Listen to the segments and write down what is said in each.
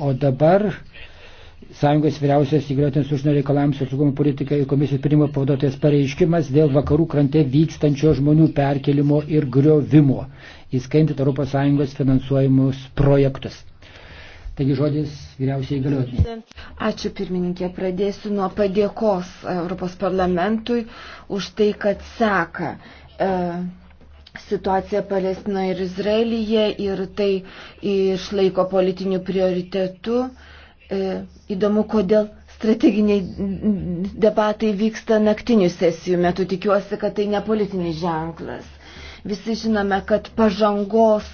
O dabar Sąjungos vyriausias įgaliotinis užsienio reikalams ir saugumo politikai ir komisijos pirmo pavaduotojas pareiškimas dėl vakarų krante vykstančio žmonių perkelimo ir griovimo, įskaitant ES finansuojimus projektus. Taigi žodis vyriausiai įgaliotinė. Ačiū pirmininkė, pradėsiu nuo padėkos Europos parlamentui už tai, kad seka. Uh, situaciją Palestinoje ir Izraelyje ir tai išlaiko politiniu prioritetu. E, įdomu, kodėl strateginiai debatai vyksta naktinių sesijų metu. Tikiuosi, kad tai ne politinis ženklas. Visi žinome, kad pažangos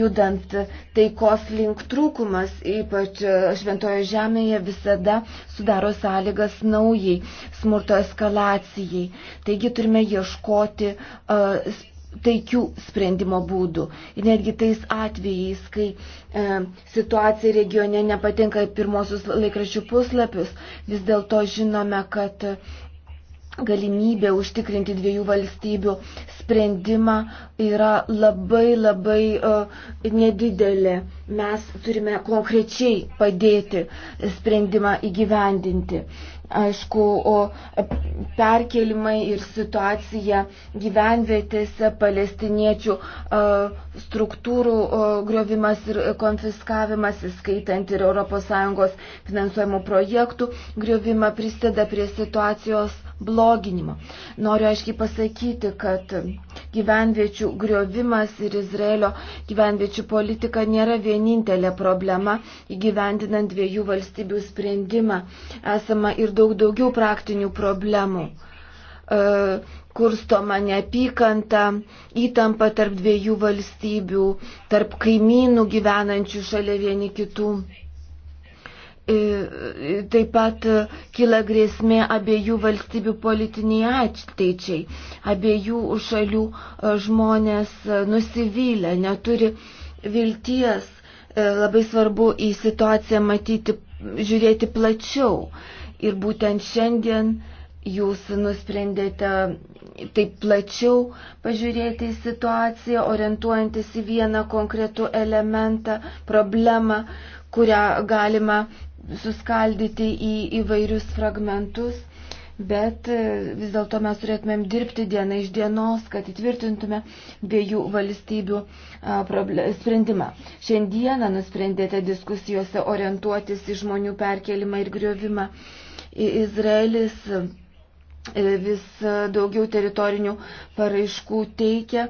judant taikos link trūkumas, ypač Šventojo žemėje, visada sudaro sąlygas naujai smurto eskalacijai. Taigi turime ieškoti uh, taikių sprendimo būdų. Ir netgi tais atvejais, kai e, situacija regione nepatinka pirmosius laikraščių puslapius, vis dėlto žinome, kad galimybė užtikrinti dviejų valstybių sprendimą yra labai labai e, nedidelė. Mes turime konkrečiai padėti sprendimą įgyvendinti. E, Aišku, o perkelimai ir situacija gyvenvietėse, palestiniečių struktūrų griovimas ir konfiskavimas, įskaitant ir ES finansuojamų projektų griovimą, prisideda prie situacijos bloginimo. Noriu aiškiai pasakyti, kad gyvenviečių griovimas ir Izraelio gyvenviečių politika nėra vienintelė problema įgyvendinant dviejų valstybių sprendimą. Esama ir daug daugiau praktinių problemų. E, kurstoma neapykanta, įtampa tarp dviejų valstybių, tarp kaimynų gyvenančių šalia vieni kitų. E, e, taip pat kyla grėsmė abiejų valstybių politiniai ateičiai. Abiejų šalių žmonės nusivylę, neturi vilties labai svarbu į situaciją matyti, žiūrėti plačiau ir būtent šiandien jūs nusprendėte taip plačiau pažiūrėti į situaciją, orientuojantis į vieną konkretų elementą, problemą, kurią galima suskaldyti į įvairius fragmentus. Bet e, vis dėlto mes turėtumėm dirbti dieną iš dienos, kad įtvirtintume dviejų valstybių sprendimą. Šiandieną nusprendėte diskusijose orientuotis į žmonių perkelimą ir griovimą Izraelis e, vis daugiau teritorinių paraiškų teikia,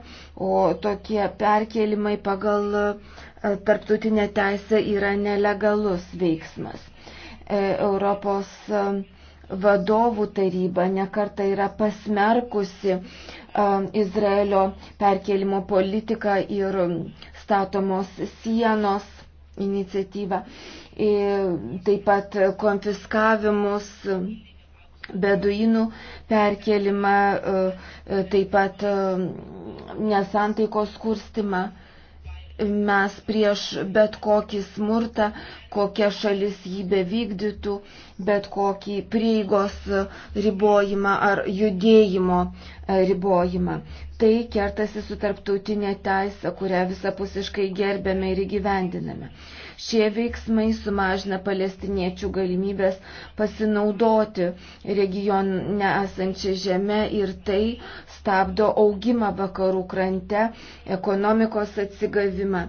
o tokie perkelimai pagal e, tarptautinę teisę yra nelegalus veiksmas. E, Europos vadovų taryba nekarta yra pasmerkusi Izraelio perkelimo politiką ir statomos sienos iniciatyvą taip pat konfiskavimus, beduinų perkelimą, e, taip pat e, nesantaikos kurstimą. Mes prieš bet kokį smurtą, kokia šalis jį bevykdytų, bet kokį prieigos ribojimą ar judėjimo e, ribojimą. Tai kertasi su tarptautinė teisė, kurią visapusiškai gerbėme ir įgyvendiname. Šie veiksmai sumažina palestiniečių galimybės pasinaudoti regione esančią žemę ir tai stabdo augimą vakarų krante, ekonomikos atsigavimą.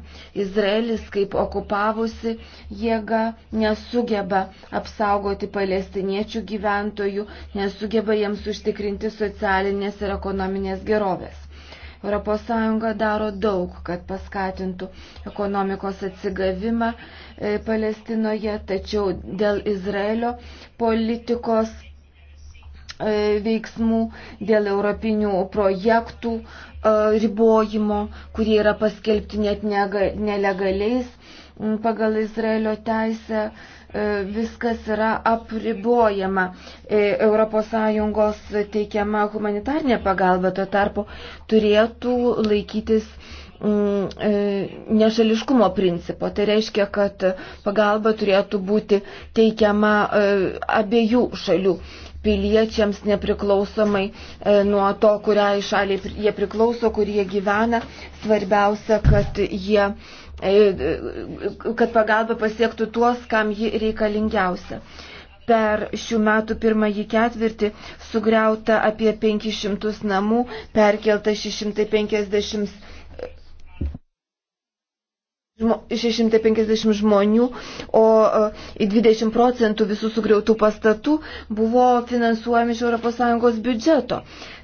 Izraelis kaip okupavusi jėga nesugeba apsaugoti palestiniečių gyventojų, nesugeba jiems užtikrinti socialinės ir ekonominės gerovės. ES daro daug, kad paskatintų ekonomikos atsigavimą e, Palestinoje, tačiau dėl Izraelio politikos e, veiksmų, dėl europinių projektų e, ribojimo, kurie yra paskelbti net nelegaliais, pagal Izraelio teisę e, viskas yra apribojama. ES teikiama humanitarnė pagalba tuo tarpu turėtų laikytis mm, e, nešališkumo principo. Tai reiškia, kad pagalba turėtų būti teikiama e, abiejų šalių piliečiams nepriklausomai nuo to, kuriai šaliai jie priklauso, kur jie gyvena. Svarbiausia, kad jie E, kad pagalba pasiektų tuos, kam ji reikalingiausia. Per šių metų pirmąjį ketvirtį sugriauta apie 500 namų, perkelta 650 650 žmonių, o 20 e, procentų visų sugriautų pastatų buvo finansuojami iš ES biudžeto.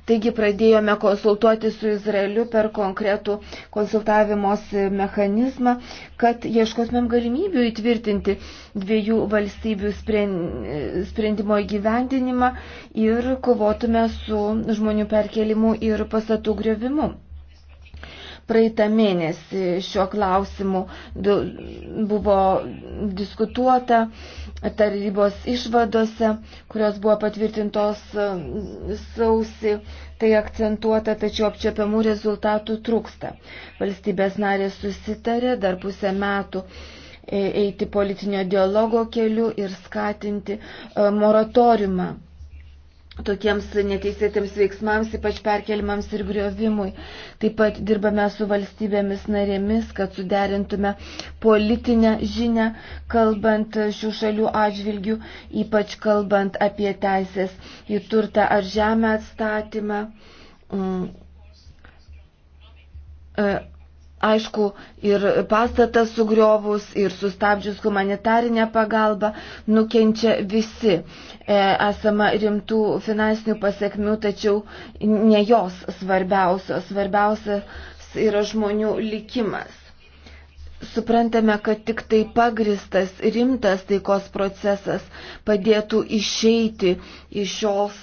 Taigi pradėjome konsultuoti su Izraeliu per konkretų konsultavimos mechanizmą, kad ieškosmėm galimybių įtvirtinti dviejų valstybių sprendimo įgyvendinimą ir kovotume su žmonių perkelimu ir pastatų grevimu praeitą mėnesį šiuo klausimu buvo diskutuota tarybos išvadose, kurios buvo patvirtintos e, sausi. Tai akcentuota, tačiau apčiopiamų rezultatų trūksta. Valstybės narės susitarė dar pusę metų e, eiti politinio dialogo keliu ir skatinti e, moratoriumą tokiems neteisėtiems veiksmams, ypač perkelimams ir griovimui. Taip pat dirbame su valstybėmis narėmis, kad suderintume politinę žinę, kalbant šių šalių atžvilgių, ypač kalbant apie teisės į turtą ar žemę atstatymą mm. e, aišku, ir pastatas sugriovus, ir sustabdžius humanitarinę pagalbą nukenčia visi. E, esama rimtų finansinių pasiekmių, tačiau ne jos svarbiausios. Svarbiausias yra žmonių likimas suprantame, kad tik tai pagristas rimtas taikos procesas padėtų išeiti iš šios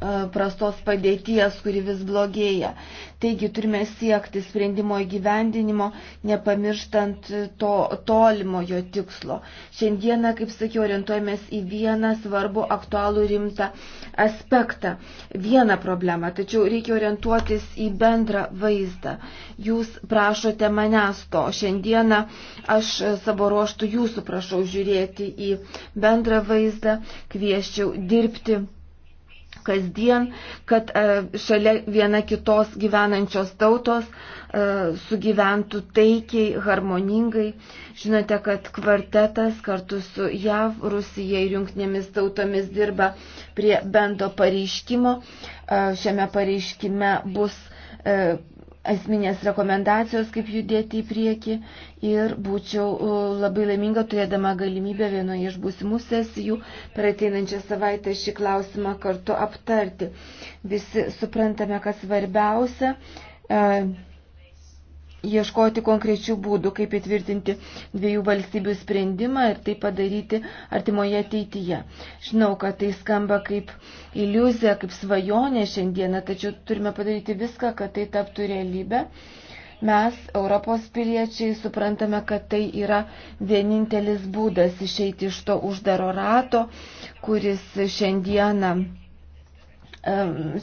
E, prastos padėties, kuri vis blogėja. Taigi turime siekti sprendimo įgyvendinimo, nepamirštant to tolimojo tikslo. Šiandieną, kaip sakiau, orientuojamės į vieną svarbų, aktualų, rimtą aspektą, vieną problemą, tačiau reikia orientuotis į bendrą vaizdą. Jūs prašote manęs to. Šiandieną aš savo ruoštų jūsų prašau žiūrėti į bendrą vaizdą, kvieščiau dirbti kasdien, kad e, šalia viena kitos gyvenančios tautos e, sugyventų taikiai, harmoningai. Žinote, kad kvartetas kartu su JAV, Rusija ir jungtinėmis tautomis dirba prie bendro pareiškimo. E, šiame pareiškime bus esminės rekomendacijos, kaip judėti į priekį ir būčiau labai laiminga turėdama galimybę vienoje iš būsimų sesijų per ateinančią savaitę šį klausimą kartu aptarti. Visi suprantame, kad svarbiausia. E, ieškoti konkrečių būdų, kaip įtvirtinti dviejų valstybių sprendimą ir tai padaryti artimoje ateityje. Žinau, kad tai skamba kaip iliuzija, kaip svajonė šiandieną, tačiau turime padaryti viską, kad tai taptų realybę. Mes, Europos piliečiai, suprantame, kad tai yra vienintelis būdas išeiti iš to uždaro rato, kuris šiandieną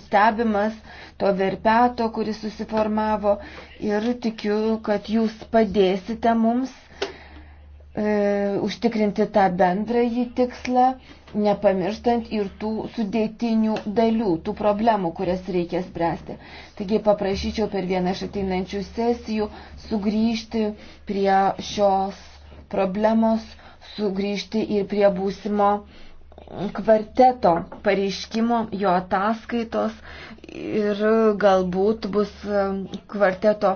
stebimas to verpeto, kuris susiformavo ir tikiu, kad jūs padėsite mums e, užtikrinti tą bendrąjį tikslą, nepamirštant ir tų sudėtinių dalių, tų problemų, kurias reikia spręsti. Taigi paprašyčiau per vieną iš ateinančių sesijų sugrįžti prie šios problemos, sugrįžti ir prie būsimo uh, kvarteto pareiškimo, jo ataskaitos ir galbūt bus kvarteto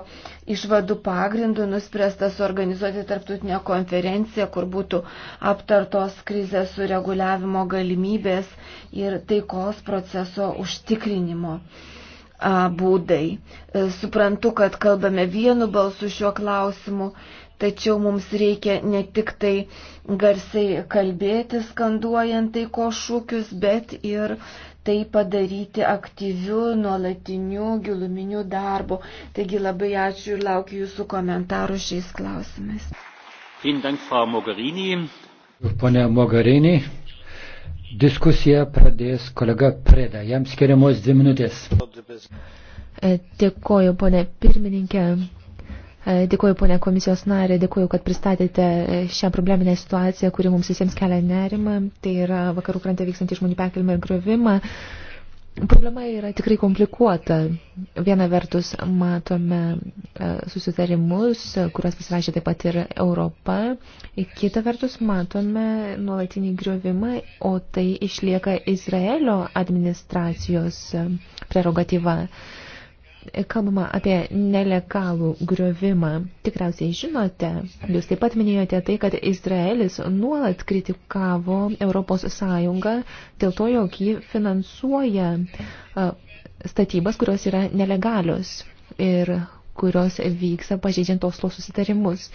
išvadų pagrindų nuspręsta suorganizuoti tarptautinę konferenciją, kur būtų aptartos krizės sureguliavimo galimybės ir taikos proceso užtikrinimo būdai. Suprantu, kad kalbame vienu balsu šiuo klausimu Tačiau mums reikia ne tik tai garsiai kalbėti, skanduojant taiko šūkius, bet ir tai padaryti aktyviu, nuolatiniu, giluminiu darbu. Taigi labai ačiū ir laukiu jūsų komentarų šiais klausimais. Pone Mogarini, diskusiją pradės kolega Preda. Jam skiriamos dvi minutės. Dėkoju, ponė pirmininkė. Dėkuoju, ponė komisijos narė, dėkuoju, kad pristatėte e, šią probleminę situaciją, kuri mums visiems kelia nerimą. Tai yra vakarų krante vykstantį žmonių perkelimą ir grovimą. Problema yra tikrai komplikuota. Viena vertus matome e, susitarimus, kuriuos pasirašė taip pat ir Europa. Kita vertus matome nuolatinį griovimą, o tai išlieka Izraelio administracijos e, prerogatyva kalbama apie nelegalų griovimą. Tikriausiai žinote, jūs taip pat minėjote tai, kad Izraelis nuolat kritikavo Europos Sąjungą dėl to, jog ji finansuoja statybas, kurios yra nelegalios ir kurios vyksta pažeidžiant Oslo susitarimus.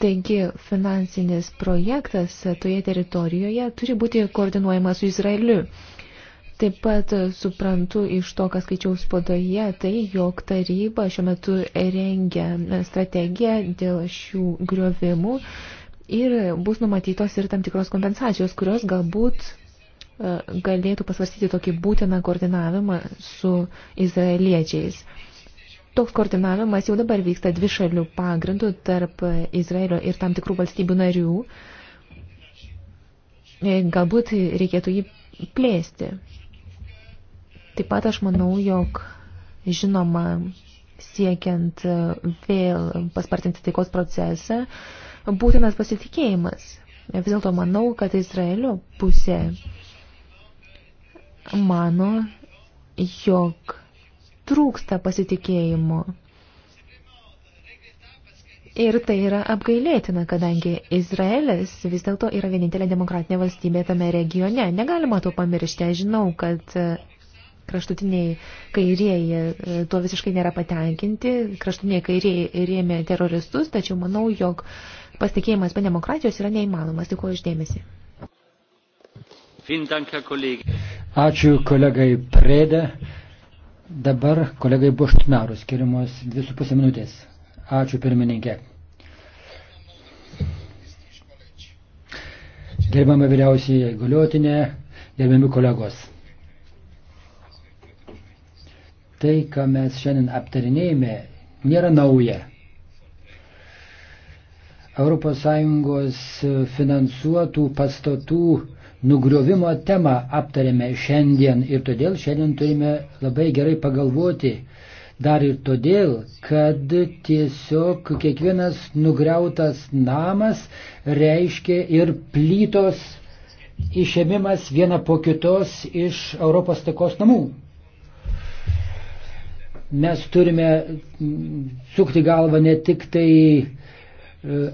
Taigi finansinis projektas toje teritorijoje turi būti koordinuojamas su Izraeliu. Taip pat suprantu iš to, kas skaičiau spadoje, tai jog taryba šiuo metu rengia strategiją dėl šių griovimų ir bus numatytos ir tam tikros kompensacijos, kurios galbūt e, galėtų pasvarstyti tokį būtiną koordinavimą su izraeliečiais. Toks koordinavimas jau dabar vyksta dvi šalių pagrindų tarp Izraelio ir tam tikrų valstybių narių. E, galbūt reikėtų jį plėsti. Taip pat aš manau, jog žinoma, siekiant e, vėl paspartinti taikos procesą, būtinas pasitikėjimas. Vis dėlto manau, kad Izraelio pusė mano, jog trūksta pasitikėjimo. Ir tai yra apgailėtina, kadangi Izraelis vis dėlto yra vienintelė demokratinė valstybė tame regione. Negalima to pamiršti. Aš žinau, kad e, kraštutiniai kairieji e, tuo visiškai nėra patenkinti, kraštutiniai kairieji rėmė teroristus, tačiau manau, jog pasitikėjimas be demokratijos yra neįmanomas. Dėkuoju išdėmesi. Ačiū kolegai Prėdė. Dabar kolegai Boštinaru skiriamos 2,5 minutės. Ačiū pirmininkė. Gerbama vyriausiai galiotinė, gerbiami kolegos. Tai, ką mes šiandien aptarinėjame, nėra nauja. ES finansuotų pastatų nugriovimo temą aptarėme šiandien ir todėl šiandien turime labai gerai pagalvoti. Dar ir todėl, kad tiesiog kiekvienas nugriautas namas reiškia ir plytos išėmimas viena po kitos iš Europos takos namų mes turime sukti galvą ne tik tai e,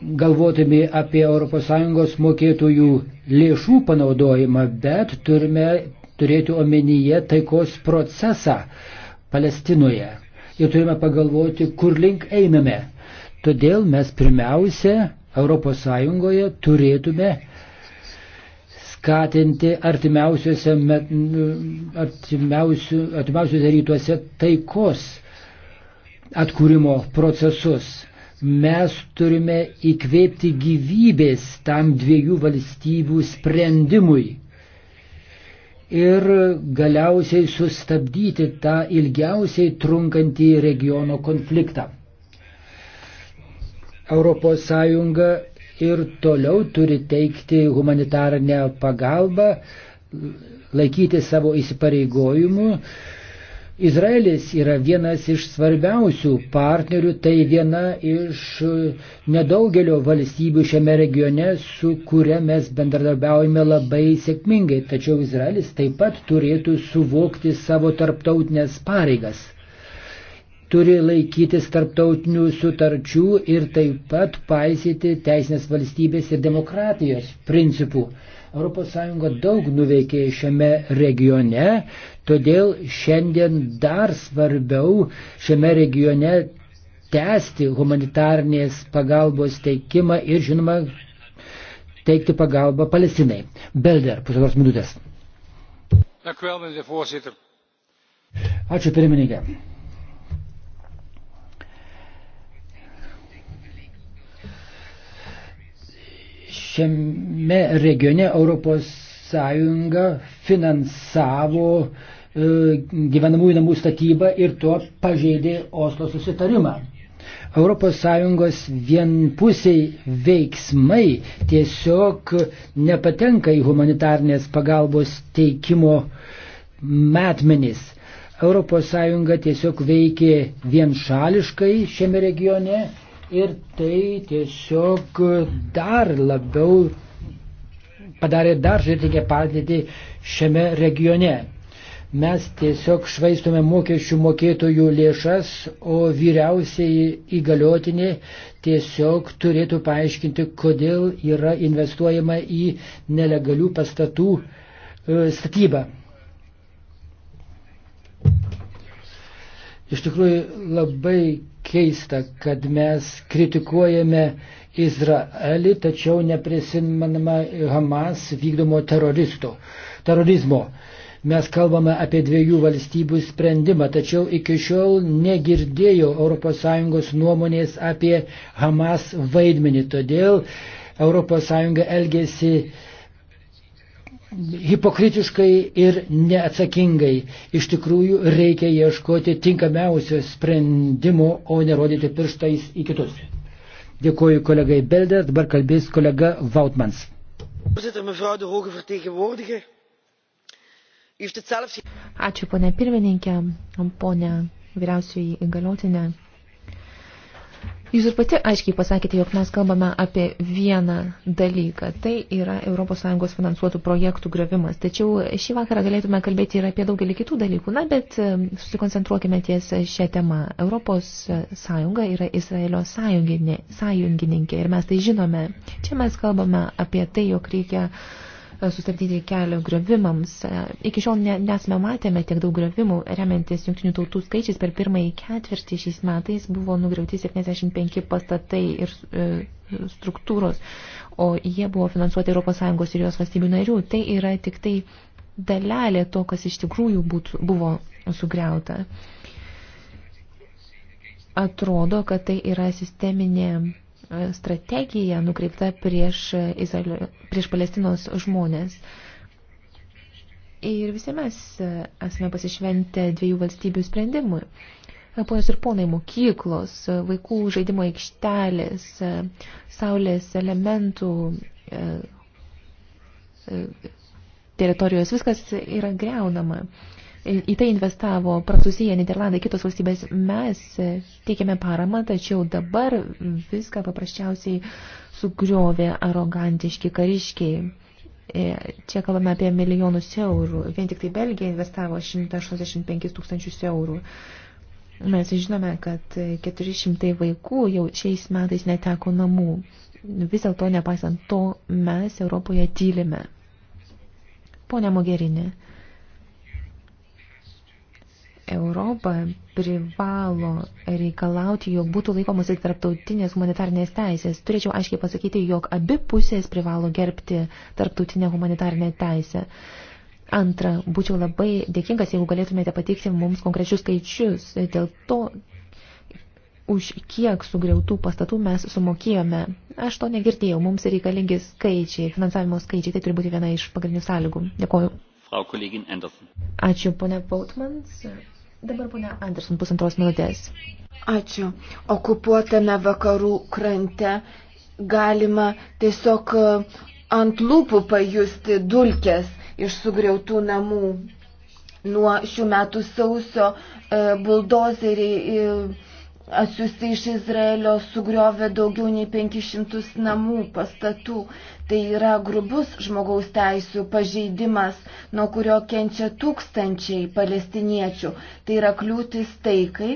galvodami apie ES mokėtojų lėšų panaudojimą, bet turime turėti omenyje taikos procesą Palestinoje. Ir turime pagalvoti, kur link einame. Todėl mes pirmiausia ES turėtume skatinti artimiausiuose, nu, artimiausiu, artimiausiuose rytuose taikos atkūrimo procesus. Mes turime įkvėpti gyvybės tam dviejų valstybių sprendimui ir galiausiai sustabdyti tą ilgiausiai trunkantį regiono konfliktą. ES ir toliau turi teikti humanitarinę pagalbą, laikyti savo įsipareigojimų. Izraelis yra vienas iš svarbiausių partnerių, tai viena iš nedaugelio valstybių šiame regione, su kuria mes bendradarbiaujame labai sėkmingai. Tačiau Izraelis taip pat turėtų suvokti savo tarptautinės pareigas turi laikytis tarptautinių sutarčių ir taip pat paisyti teisinės valstybės ir demokratijos principų. ES daug nuveikė šiame regione, todėl šiandien dar svarbiau šiame regione tęsti humanitarnės pagalbos teikimą ir, žinoma, teikti pagalbą Palestinai. Belder, pusantros minutės. Ačiū pirmininkė. šiame regione Europos Sąjunga finansavo e, gyvenamųjų namų statybą ir tuo pažeidė Oslo susitarimą. ES vienpusiai veiksmai tiesiog nepatenka į humanitarnės pagalbos teikimo metmenis. ES tiesiog veikė vienšališkai šiame regione ir tai tiesiog dar labiau padarė dar žaidinę padėtį šiame regione. Mes tiesiog švaistome mokesčių mokėtojų lėšas, o vyriausiai įgaliotinė tiesiog turėtų paaiškinti, kodėl yra investuojama į nelegalių pastatų e, statybą. Iš tikrųjų labai keista, kad mes kritikuojame Izraelį, tačiau neprisimenama Hamas vykdomo teroristo, terorizmo. Mes kalbame apie dviejų valstybių sprendimą, tačiau iki šiol negirdėjau ES nuomonės apie Hamas vaidmenį. Todėl ES elgėsi hipokritiškai ir neatsakingai. Iš tikrųjų reikia ieškoti tinkamiausių sprendimų, o nerodyti pirštais į kitus. Dėkuoju kolegai Belder, dabar kalbės kolega Vautmans. Ačiū, ponė pirmininkė, ponė vyriausiai įgaliotinė. Jūs ir pati aiškiai pasakėte, jog mes kalbame apie vieną dalyką. Tai yra ES finansuotų projektų gravimas. Tačiau šį vakarą galėtume kalbėti ir apie daugelį kitų dalykų. Na, bet susikoncentruokime ties šią temą. ES yra Izraelio sąjunginė, sąjungininkė ir mes tai žinome. Čia mes kalbame apie tai, jog reikia uh, E, sustabdyti kelio grevimams. E, iki šiol ne, nesame matėme tiek daug grevimų, remiantis jungtinių tautų skaičiais per pirmąjį ketvirtį šiais metais buvo nugriauti 75 pastatai ir e, struktūros, o jie buvo finansuoti ES ir jos valstybių narių. Tai yra tik tai dalelė to, kas iš tikrųjų būtų, buvo sugriauta. Atrodo, kad tai yra sisteminė strategija nukreipta prieš, Izraelio, prieš Palestinos žmonės. Ir visi mes esame pasišventę dviejų valstybių sprendimui. Ponios ir ponai, mokyklos, vaikų žaidimo aikštelės, saulės elementų e, e, teritorijos, viskas yra greunama į tai investavo Prancūzija, Niderlandai, kitos valstybės. Mes e, teikėme paramą, tačiau dabar viską paprasčiausiai sugriovė arogantiški kariškiai. E, čia kalbame apie milijonus eurų. Vien tik tai Belgija investavo 165 tūkstančius eurų. Mes žinome, kad 400 vaikų jau šiais metais neteko namų. Vis dėlto, nepaisant to, mes Europoje tylime. Pone Mogerinė. Europa privalo reikalauti, jog būtų laikomasi tarptautinės humanitarnės teisės. Turėčiau aiškiai pasakyti, jog abi pusės privalo gerbti tarptautinę humanitarnę teisę. Antra, būčiau labai dėkingas, jeigu galėtumėte pateikti mums konkrečius skaičius dėl to, už kiek sugriautų pastatų mes sumokėjome. Aš to negirdėjau, mums reikalingi skaičiai, finansavimo skaičiai, tai turi būti viena iš pagrindinių sąlygų. Dėkuoju. Frau Kollegin Anderson. Ačiū, ponia Pautmans. Dabar ponia Anderson pusantros minutės. Ačiū. Okupuotame vakarų krante galima tiesiog e, ant lūpų pajusti dulkes iš sugriautų namų. Nuo šių metų sausio e, buldozeriai. E, atsiųsti iš Izraelio sugriovė daugiau nei 500 namų pastatų. Tai yra grubus žmogaus teisų pažeidimas, nuo kurio kenčia tūkstančiai palestiniečių. Tai yra kliūtis taikai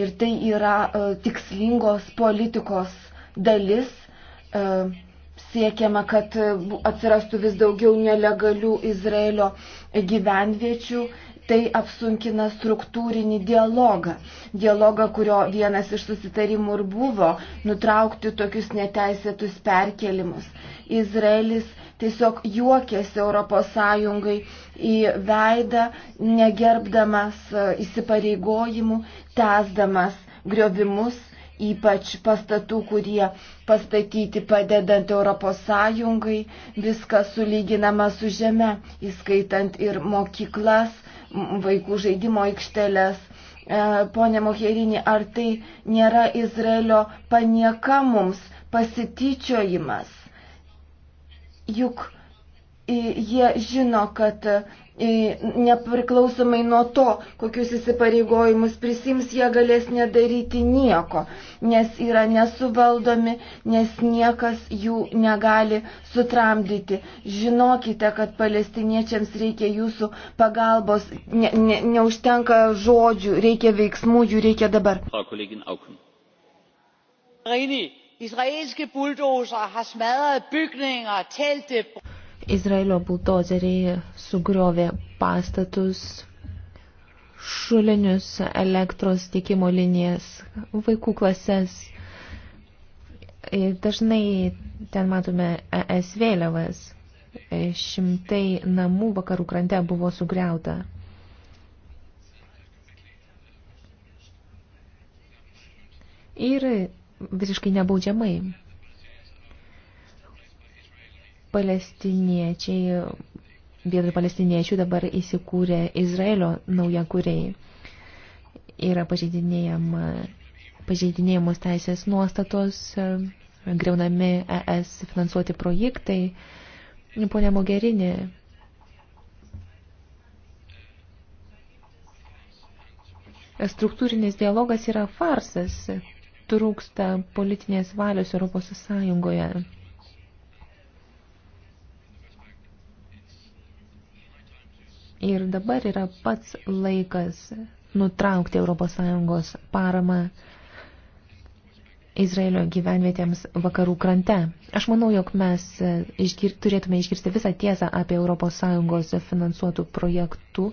ir tai yra uh, tikslingos politikos dalis. Uh, siekiama, kad atsirastų vis daugiau nelegalių Izraelio gyvenviečių tai apsunkina struktūrinį dialogą. Dialogą, kurio vienas iš susitarimų ir buvo nutraukti tokius neteisėtus perkelimus. Izraelis tiesiog juokėsi ES į veidą, negerbdamas įsipareigojimų, tęsdamas griovimus, ypač pastatų, kurie pastatyti padedant ES, viskas sulyginama su žeme, įskaitant ir mokyklas vaikų žaidimo aikšteles. E, Pone Moherini, ar tai nėra Izraelio panieka mums, pasityčiojimas? Juk jie žino, kad nepriklausomai nuo to, kokius įsipareigojimus prisims, jie galės nedaryti nieko, nes yra nesuvaldomi, nes niekas jų negali sutramdyti. Žinokite, kad palestiniečiams reikia jūsų pagalbos, ne, ne, neužtenka žodžių, reikia veiksmų, jų reikia dabar. Israelske buldoser har smadret bygninger, telte. Izraelio bultozeriai sugriovė pastatus, šulinius, elektros tiekimo linijas, vaikų klases. Dažnai ten matome ES vėliavas. Šimtai namų vakarų krante buvo sugriauta. Ir visiškai nebaudžiamai palestiniečiai, vietoj palestiniečių dabar įsikūrė Izraelio naujakuriai. Yra pažeidinėjamos teisės nuostatos, greunami ES finansuoti projektai. Pone Mogerinė, struktūrinis dialogas yra farsas, trūksta politinės valios Europos Sąjungoje. Ir dabar yra pats laikas nutraukti ES paramą Izraelio gyvenvietėms vakarų krante. Aš manau, jog mes išgir, turėtume išgirsti visą tiesą apie ES finansuotų projektų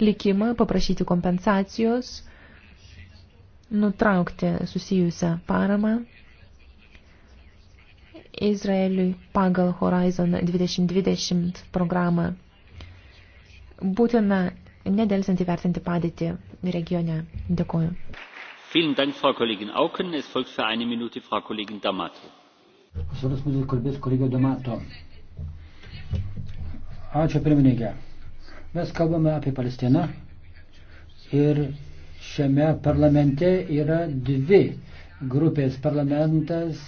likimą, paprašyti kompensacijos, nutraukti susijusią paramą Izraeliui pagal Horizon 2020 programą būtina nedelsiant įvertinti padėtį regione. Dėkuoju. Vielen Dank, Frau Kollegin Auken. Es folgt für eine Minute Frau Kollegin D'Amato. Pusantros minutės kalbės kolegė Domato. Ačiū pirmininkė. Mes kalbame apie Palestiną ir šiame parlamente yra dvi grupės parlamentas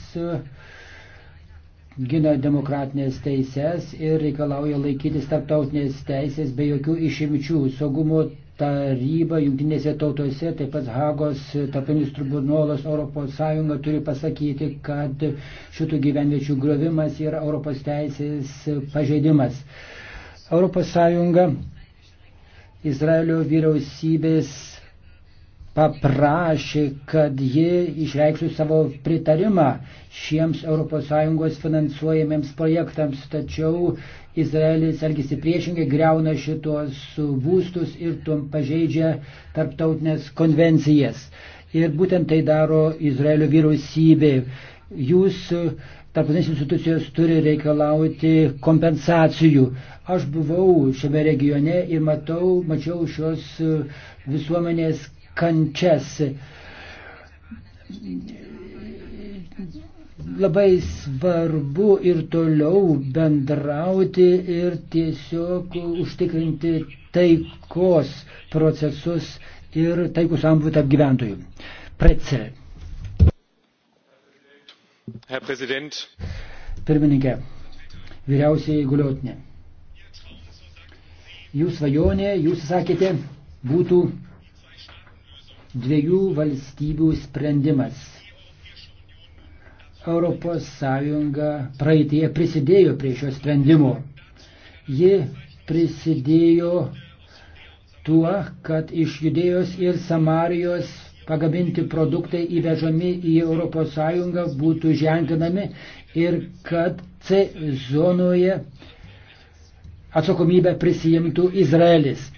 gina demokratinės teises ir reikalauja laikytis tarptautinės teisės be jokių išimčių. Saugumo taryba jungtinėse tautose, taip pat Hagos tarpinis tribunolas ES turi pasakyti, kad šitų gyvenviečių grovimas yra Europos teisės pažeidimas. ES Izraelio vyriausybės paprašė, kad ji išreikštų savo pritarimą šiems ES finansuojamiems projektams, tačiau Izraelis elgesi priešingai, greuna šitos būstus ir tom pažeidžia tarptautinės konvencijas. Ir būtent tai daro Izraelio vyriausybė. Jūs tarptautinės institucijos turi reikalauti kompensacijų. Aš buvau šiame regione ir matau, mačiau šios visuomenės kančias. Labai svarbu ir toliau bendrauti ir tiesiog užtikrinti taikos procesus ir taikų sambūtą tarp gyventojų. Pretzel. Herr Präsident. Pirmininkė, vyriausiai įgaliotinė. Jūsų svajonė, jūs sakėte, būtų dviejų valstybių sprendimas. Europos Sąjunga praeitie prisidėjo prie šio sprendimo. Ji prisidėjo tuo, kad iš Judėjos ir Samarijos pagaminti produktai įvežami į ES būtų ženklinami ir kad C zonoje atsakomybę prisijimtų Izraelis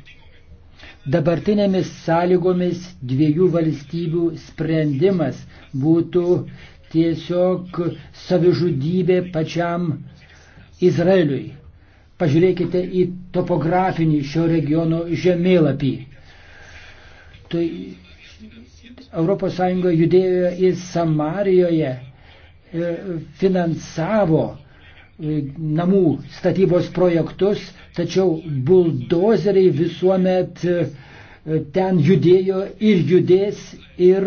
dabartinėmis sąlygomis dviejų valstybių sprendimas būtų tiesiog savižudybė pačiam Izraeliui. Pažiūrėkite į topografinį šio regiono žemėlapį. Tai ES judėjo į Samarijoje, e, finansavo namų statybos projektus, tačiau buldozeriai visuomet e, ten judėjo ir judės ir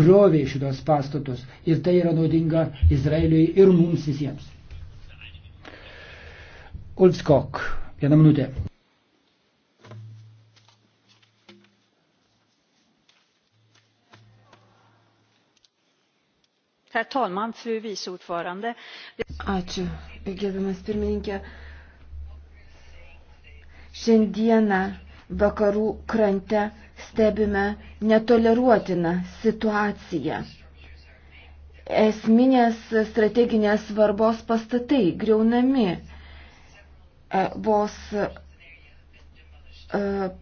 grovė šitos pastatus. Ir tai yra naudinga Izraeliui ir mums visiems. Ulfskok, vieną minutę. Herr talman, fru vice ordförande. Ačiū, gerbiamas pirmininkė. Šiandieną vakarų krante stebime netoleruotiną situaciją. Esminės strateginės svarbos pastatai greunami e, vos e,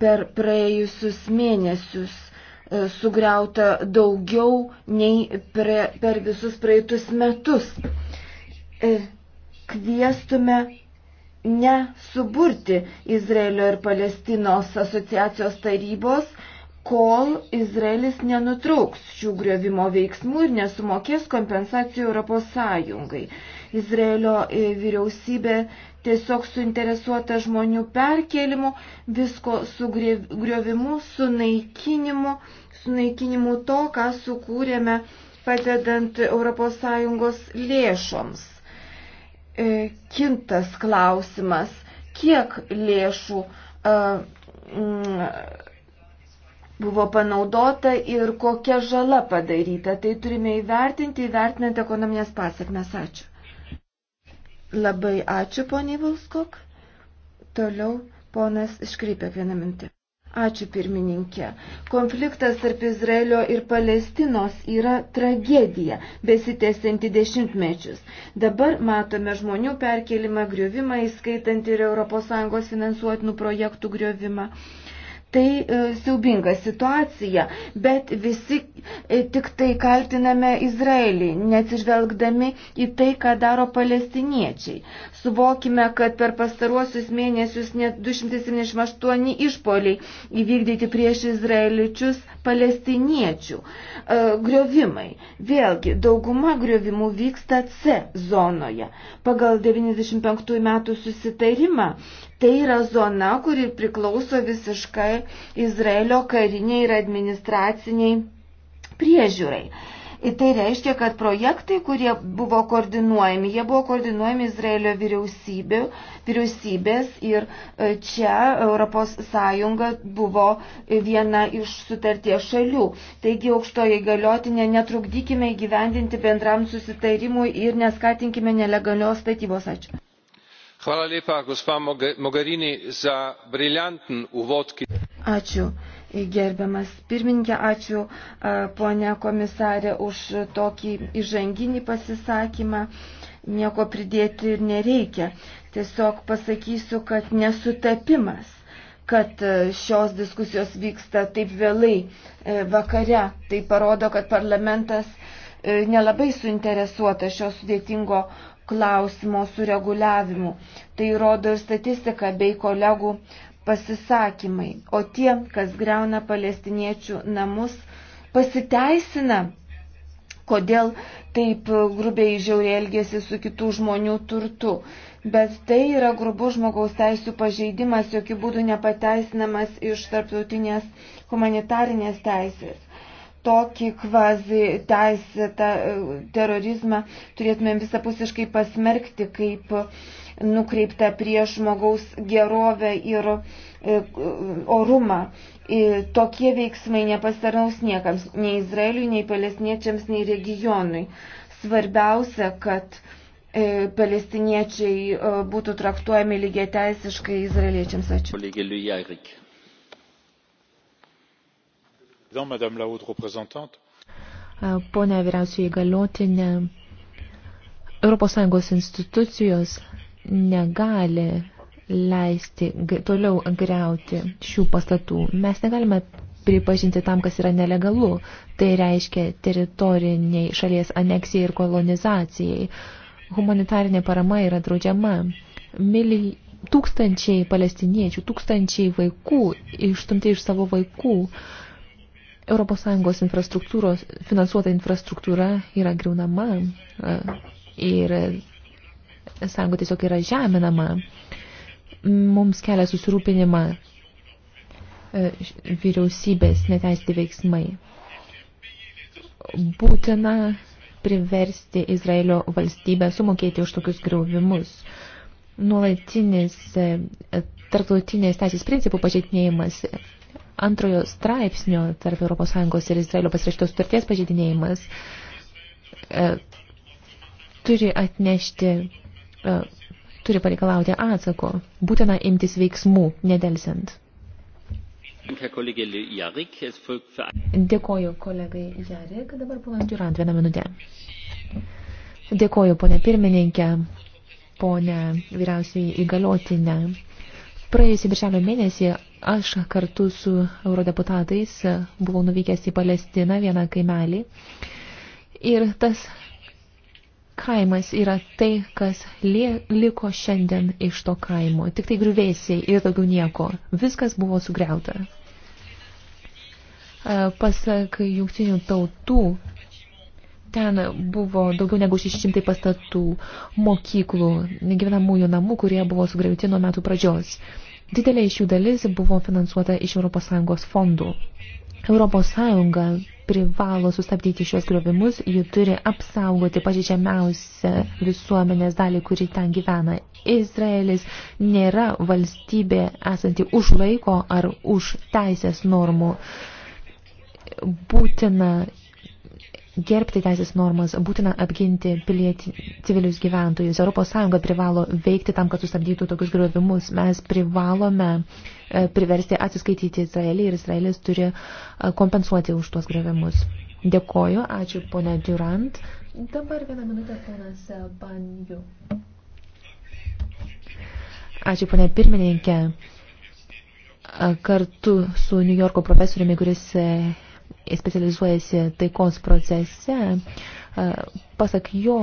per praėjusius mėnesius sugriauta daugiau nei pre, per visus praeitus metus. E, kviestume nesuburti Izraelio ir Palestinos asociacijos tarybos, kol Izraelis nenutrauks šių griovimo veiksmų ir nesumokės kompensacijų Europos Sąjungai. Izraelio e, vyriausybė tiesiog suinteresuota žmonių perkelimu, visko sugriovimu, sunaikinimu, sunaikinimu to, ką sukūrėme padedant ES lėšoms. E, kintas klausimas, kiek lėšų e, mm, buvo panaudota ir kokia žala padaryta. Tai turime įvertinti, įvertinant ekonominės pasiekmes. Ačiū. Labai ačiū, poniai Vilskok. Toliau ponas Škrypė vieną mintį. Ačiū pirmininkė. Konfliktas tarp Izraelio ir Palestinos yra tragedija, besitęsianti dešimtmečius. Dabar matome žmonių perkelimą, griovimą, įskaitant ir ES finansuotinų projektų griovimą tai e, siaubinga situacija, bet visi e, tik tai kaltiname Izraelį, neatsižvelgdami į tai, ką daro palestiniečiai. Suvokime, kad per pastaruosius mėnesius net 278 išpoliai įvykdyti prieš izraeličius palestiniečių. E, griovimai. Vėlgi, dauguma griovimų vyksta C zonoje. Pagal 95 metų susitarimą Tai yra zona, kuri priklauso visiškai Izraelio kariniai ir administraciniai priežiūrai. Ir tai reiškia, kad projektai, kurie buvo koordinuojami, jie buvo koordinuojami Izraelio vyriausybė, vyriausybės ir e, čia ES buvo viena iš sutarties šalių. Taigi aukštoje galiotinė netrukdykime įgyvendinti bendram susitarimui ir neskatinkime nelegalios statybos. Ačiū hvala lepa gospa mogherini za brilianten uvod ki. ačiū gerbiamas pirmininke ačiū pone komisare už tokį įžanginį pasisakymą nieko pridėti ir nereikia tiesiog pasakysiu kad nesutapimas kad šios diskusijos vyksta taip vėlai e, vakare tai parodo kad parlamentas e, nelabai suinteresuotas šio sudėtingo klausimo sureguliavimu. Tai rodo ir statistika bei kolegų pasisakymai. O tie, kas greuna palestiniečių namus, pasiteisina, kodėl taip grubiai žiauriai elgėsi su kitų žmonių turtu. Bet tai yra grubus žmogaus teisų pažeidimas, jokių būdų nepateisinamas iš tarptautinės humanitarinės teisės tokį kvazi teisėtą terorizmą turėtumėm visapusiškai pasmerkti kaip nukreipta prieš žmogaus gerovę ir e, orumą. E, tokie veiksmai nepasarnaus niekams, nei Izraeliui, nei palestiniečiams, nei regionui. Svarbiausia, kad e, palestiniečiai būtų traktuojami lygiai teisiškai izraeliečiams. Ačiū. Pone vyriausiai įgaliotinė, ES institucijos negali leisti toliau greuti šių pastatų. Mes negalime pripažinti tam, kas yra nelegalu. Tai reiškia teritoriniai šalies aneksijai ir kolonizacijai. Humanitarinė parama yra draudžiama. Mili tūkstančiai palestiniečių, tūkstančiai vaikų išstumti iš savo vaikų. Uh, ES infrastruktūros, finansuota infrastruktūra yra griaunama e, ir sąjunga tiesiog yra žeminama. Mums kelia susirūpinimą e, vyriausybės neteisti veiksmai. Būtina priversti Izraelio valstybę sumokėti už tokius griovimus. Nuolatinis e, tarptautinės teisės principų pažeidinėjimas antrojo straipsnio tarp ES ir Izraelio pasirašytos sutarties pažeidinėjimas e, turi atnešti, e, turi pareikalauti atsako, būtina imtis veiksmų, nedelsiant. Dėkoju kolegai Jarek, dabar ponas Durant vieną minutę. Dėkoju, ponė pirmininkė, ponė vyriausiai įgaliotinė. Praėjusį birželio mėnesį aš kartu su eurodeputatais buvau nuvykęs į Palestiną vieną kaimelį. Ir tas kaimas yra tai, kas lie, liko šiandien iš to kaimo. Tik tai griuvėsiai ir daugiau nieko. Viskas buvo sugriauta. Pasak jungtinių tautų Ten buvo daugiau negu 600 pastatų, mokyklų, negyvenamųjų namų, kurie buvo sugriauti nuo metų pradžios. Didelė iš jų dalis buvo finansuota iš ES fondų. ES privalo sustabdyti šios griovimus, ji turi apsaugoti pažeidžiamiausią visuomenės dalį, kuri ten gyvena. Izraelis nėra valstybė esanti už laiko ar už teisės normų. Būtina gerbti teisės normas, būtina apginti pilieti, civilius gyventojus. ES privalo veikti tam, kad sustabdytų tokius griovimus. Mes privalome e, priversti atsiskaityti Izraelį ir Izraelis turi e, kompensuoti už tuos griovimus. Dėkoju, ačiū ponia Durant. Dabar vieną minutę ponas e, Banju. Ačiū ponia pirmininkė. Kartu su New Yorko profesoriumi, kuris specializuojasi taikos procese, pasak jo,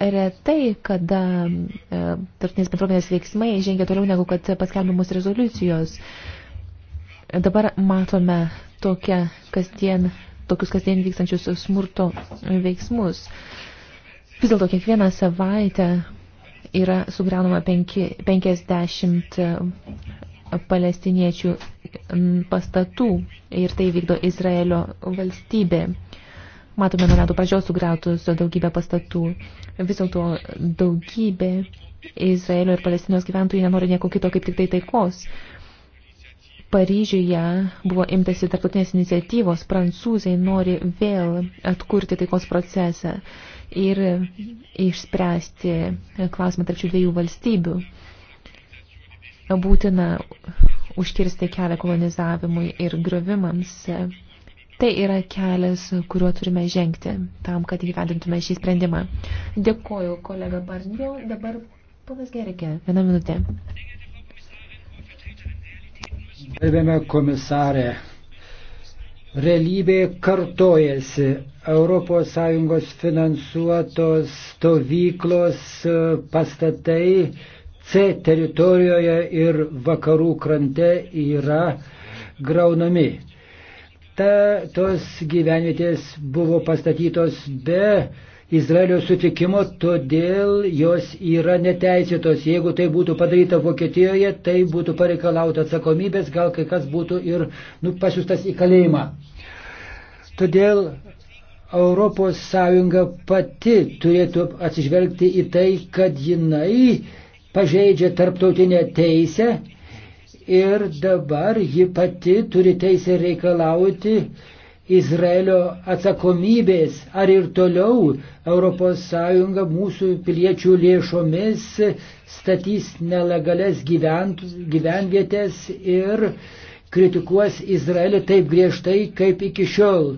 retai, kada tarptinės bendruomenės veiksmai žengia toliau negu kad paskelbiamos rezoliucijos. Dabar matome tokią kasdien, tokius kasdien vykstančius smurto veiksmus. Vis dėlto kiekvieną savaitę yra sugriaunama 50 palestiniečių pastatų ir tai vykdo Izraelio valstybė. Matome nuo metų pradžios sugriautus daugybę pastatų. Vis dėlto daugybė Izraelio ir Palestinos gyventojų nenori nieko kito kaip tik tai taikos. Paryžiuje buvo imtasi tarptautinės iniciatyvos, prancūzai nori vėl atkurti taikos procesą ir išspręsti klausimą tarp šių dviejų valstybių būtina užkirsti kelią kolonizavimui ir griovimams. Tai yra kelias, kuriuo turime žengti tam, kad įgyvendintume šį sprendimą. Dėkoju, kolega Barnio. Dabar ponas Gerikė, vieną minutę. Gerbėme komisarė, realybė kartojasi. ES finansuotos stovyklos pastatai C teritorijoje ir vakarų krante yra graunami. Ta, tos gyvenvietės buvo pastatytos be Izraelio sutikimo, todėl jos yra neteisėtos. Jeigu tai būtų padaryta Vokietijoje, tai būtų pareikalauta atsakomybės, gal kai kas būtų ir nu, pasiustas į kalėjimą. Todėl ES pati turėtų atsižvelgti į tai, kad jinai pažeidžia tarptautinę teisę ir dabar ji pati turi teisę reikalauti Izraelio atsakomybės, ar ir toliau ES mūsų piliečių lėšomis statys nelegales gyvent, gyvenvietės ir kritikuos Izraelį taip griežtai kaip iki šiol.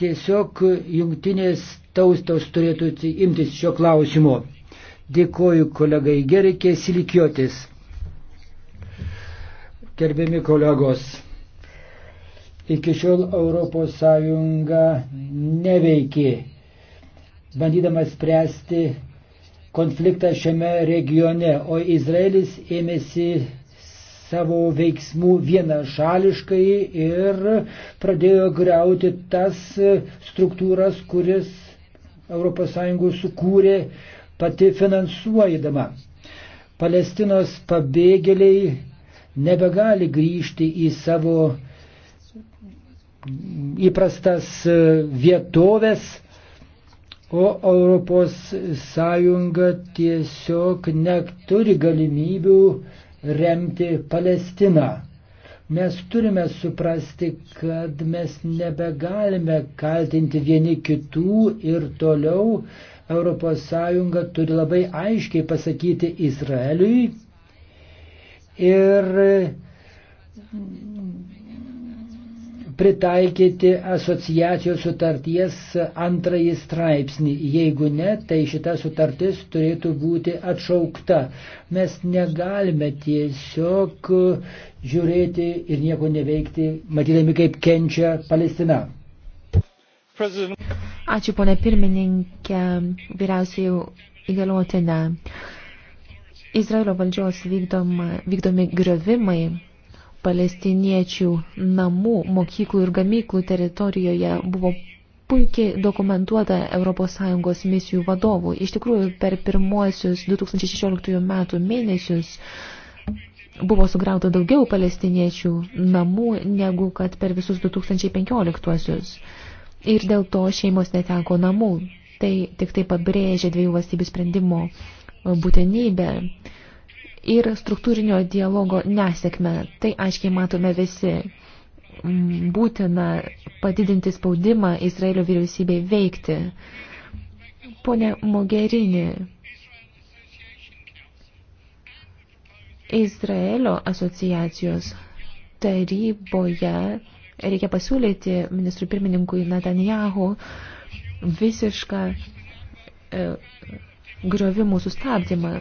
Tiesiog jungtinės tautos turėtų imtis šio klausimo. Dėkoju kolegai Gerikė Silikiotis. Gerbiami kolegos, iki šiol ES neveikė, bandydamas spręsti konfliktą šiame regione, o Izraelis ėmėsi savo veiksmų vienašališkai ir pradėjo greuti tas struktūras, kuris ES sukūrė pati finansuojama. Palestinos pabėgėliai nebegali grįžti į savo įprastas vietovės, o ES tiesiog neturi galimybių remti Palestiną. Mes turime suprasti, kad mes nebegalime kaltinti vieni kitų ir toliau ES turi labai aiškiai pasakyti Izraeliui ir pritaikyti asociacijos sutarties antrąjį straipsnį. Jeigu ne, tai šita sutartis turėtų būti atšaukta. Mes negalime tiesiog žiūrėti ir nieko neveikti, matydami, kaip kenčia Palestina. Ačiū, ponė pirmininkė, vyriausiai įgaliotinę. Izraelio valdžios vykdom, vykdomi griovimai palestiniečių namų, mokyklų ir gamyklų teritorijoje buvo puikiai dokumentuota ES misijų vadovų. Iš tikrųjų, per pirmuosius 2016 metų mėnesius buvo sugriauta daugiau palestiniečių namų negu kad per visus 2015-uosius. Ir dėl to šeimos neteko namų. Tai tik tai pabrėžia dviejų valstybių sprendimo būtinybę ir struktūrinio dialogo nesėkmę. Tai aiškiai matome visi būtina padidinti spaudimą Izraelio vyriausybei veikti. Pone Mogherini, Izraelio asociacijos taryboje reikia pasiūlyti ministrui pirmininkui Netanyahu visišką e, griovimų sustabdymą.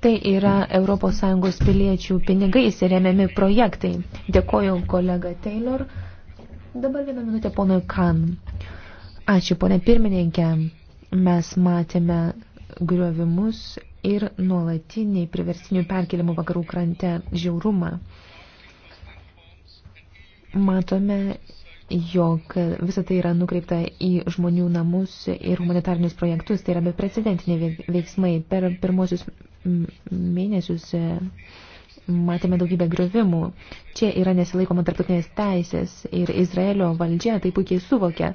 Tai yra ES piliečių pinigais remiami projektai. Dėkoju kolega Taylor. Dabar vieną minutę ponui Kan. Ačiū, ponė pirmininkė. Mes matėme griovimus ir nuolatinį priverstinių perkelimų vakarų krante žiaurumą. Matome, jog visą tai yra nukreipta į žmonių namus ir humanitarinius projektus. Tai yra beprecedentinė veiksmai. Per pirmosius mėnesius e, matėme daugybę griovimų. Čia yra nesilaikoma tarptautinės teisės ir Izraelio valdžia tai puikiai suvokia.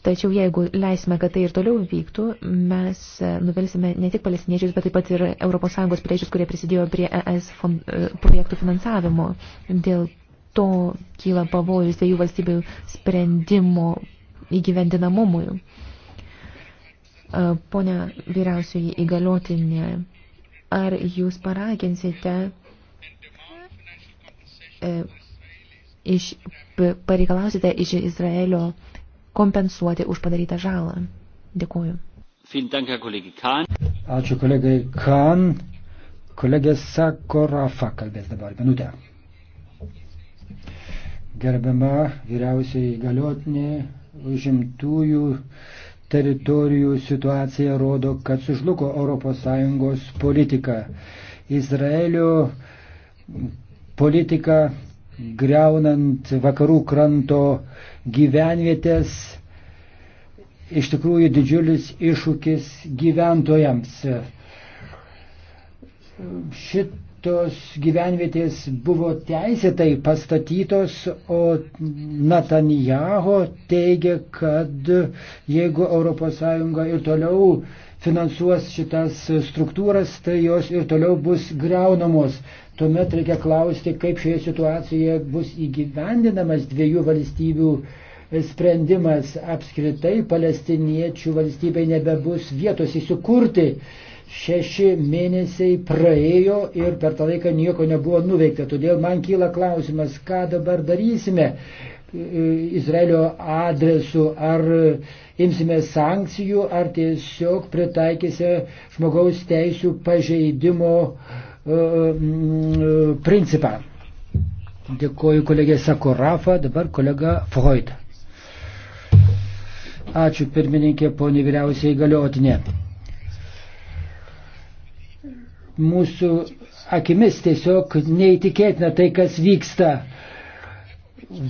Tačiau jeigu leisime, kad tai ir toliau vyktų, mes e, nuvelsime ne tik palestiniečius, bet taip pat ir ES piliečius, kurie prisidėjo prie ES fond, e, projektų finansavimo. Dėl to kyla pavojus dviejų valstybių sprendimo įgyvendinamumui. Pone vyriausioji įgaliotinė, ar jūs paraginsite e, iš, pareikalausite iš Izraelio kompensuoti už padarytą žalą? Dėkuoju. Ačiū kolegai Kan. Kolegė Sakorafa kalbės dabar. Minutę. Gerbiama vyriausiai galiotinė užimtųjų teritorijų situacija rodo, kad sužlugo ES politika. Izraelio politika greunant vakarų kranto gyvenvietės iš tikrųjų didžiulis iššūkis gyventojams. Šit tos gyvenvietės buvo teisėtai pastatytos, o Netanjaho teigia, kad jeigu ES ir toliau finansuos šitas struktūras, tai jos ir toliau bus greunamos. Tuomet reikia klausti, kaip šioje situacijoje bus įgyvendinamas dviejų valstybių sprendimas apskritai palestiniečių valstybei nebebus vietos įsikurti šeši mėnesiai praėjo ir per tą laiką nieko nebuvo nuveikta. Todėl man kyla klausimas, ką dabar darysime Izraelio adresu, ar imsime sankcijų, ar tiesiog pritaikysime žmogaus teisų pažeidimo e, principą. Dėkuoju kolegė Sakurafa, dabar kolega Freud. Ačiū pirmininkė, ponė vyriausiai galiotinė mūsų akimis tiesiog neįtikėtina tai, kas vyksta.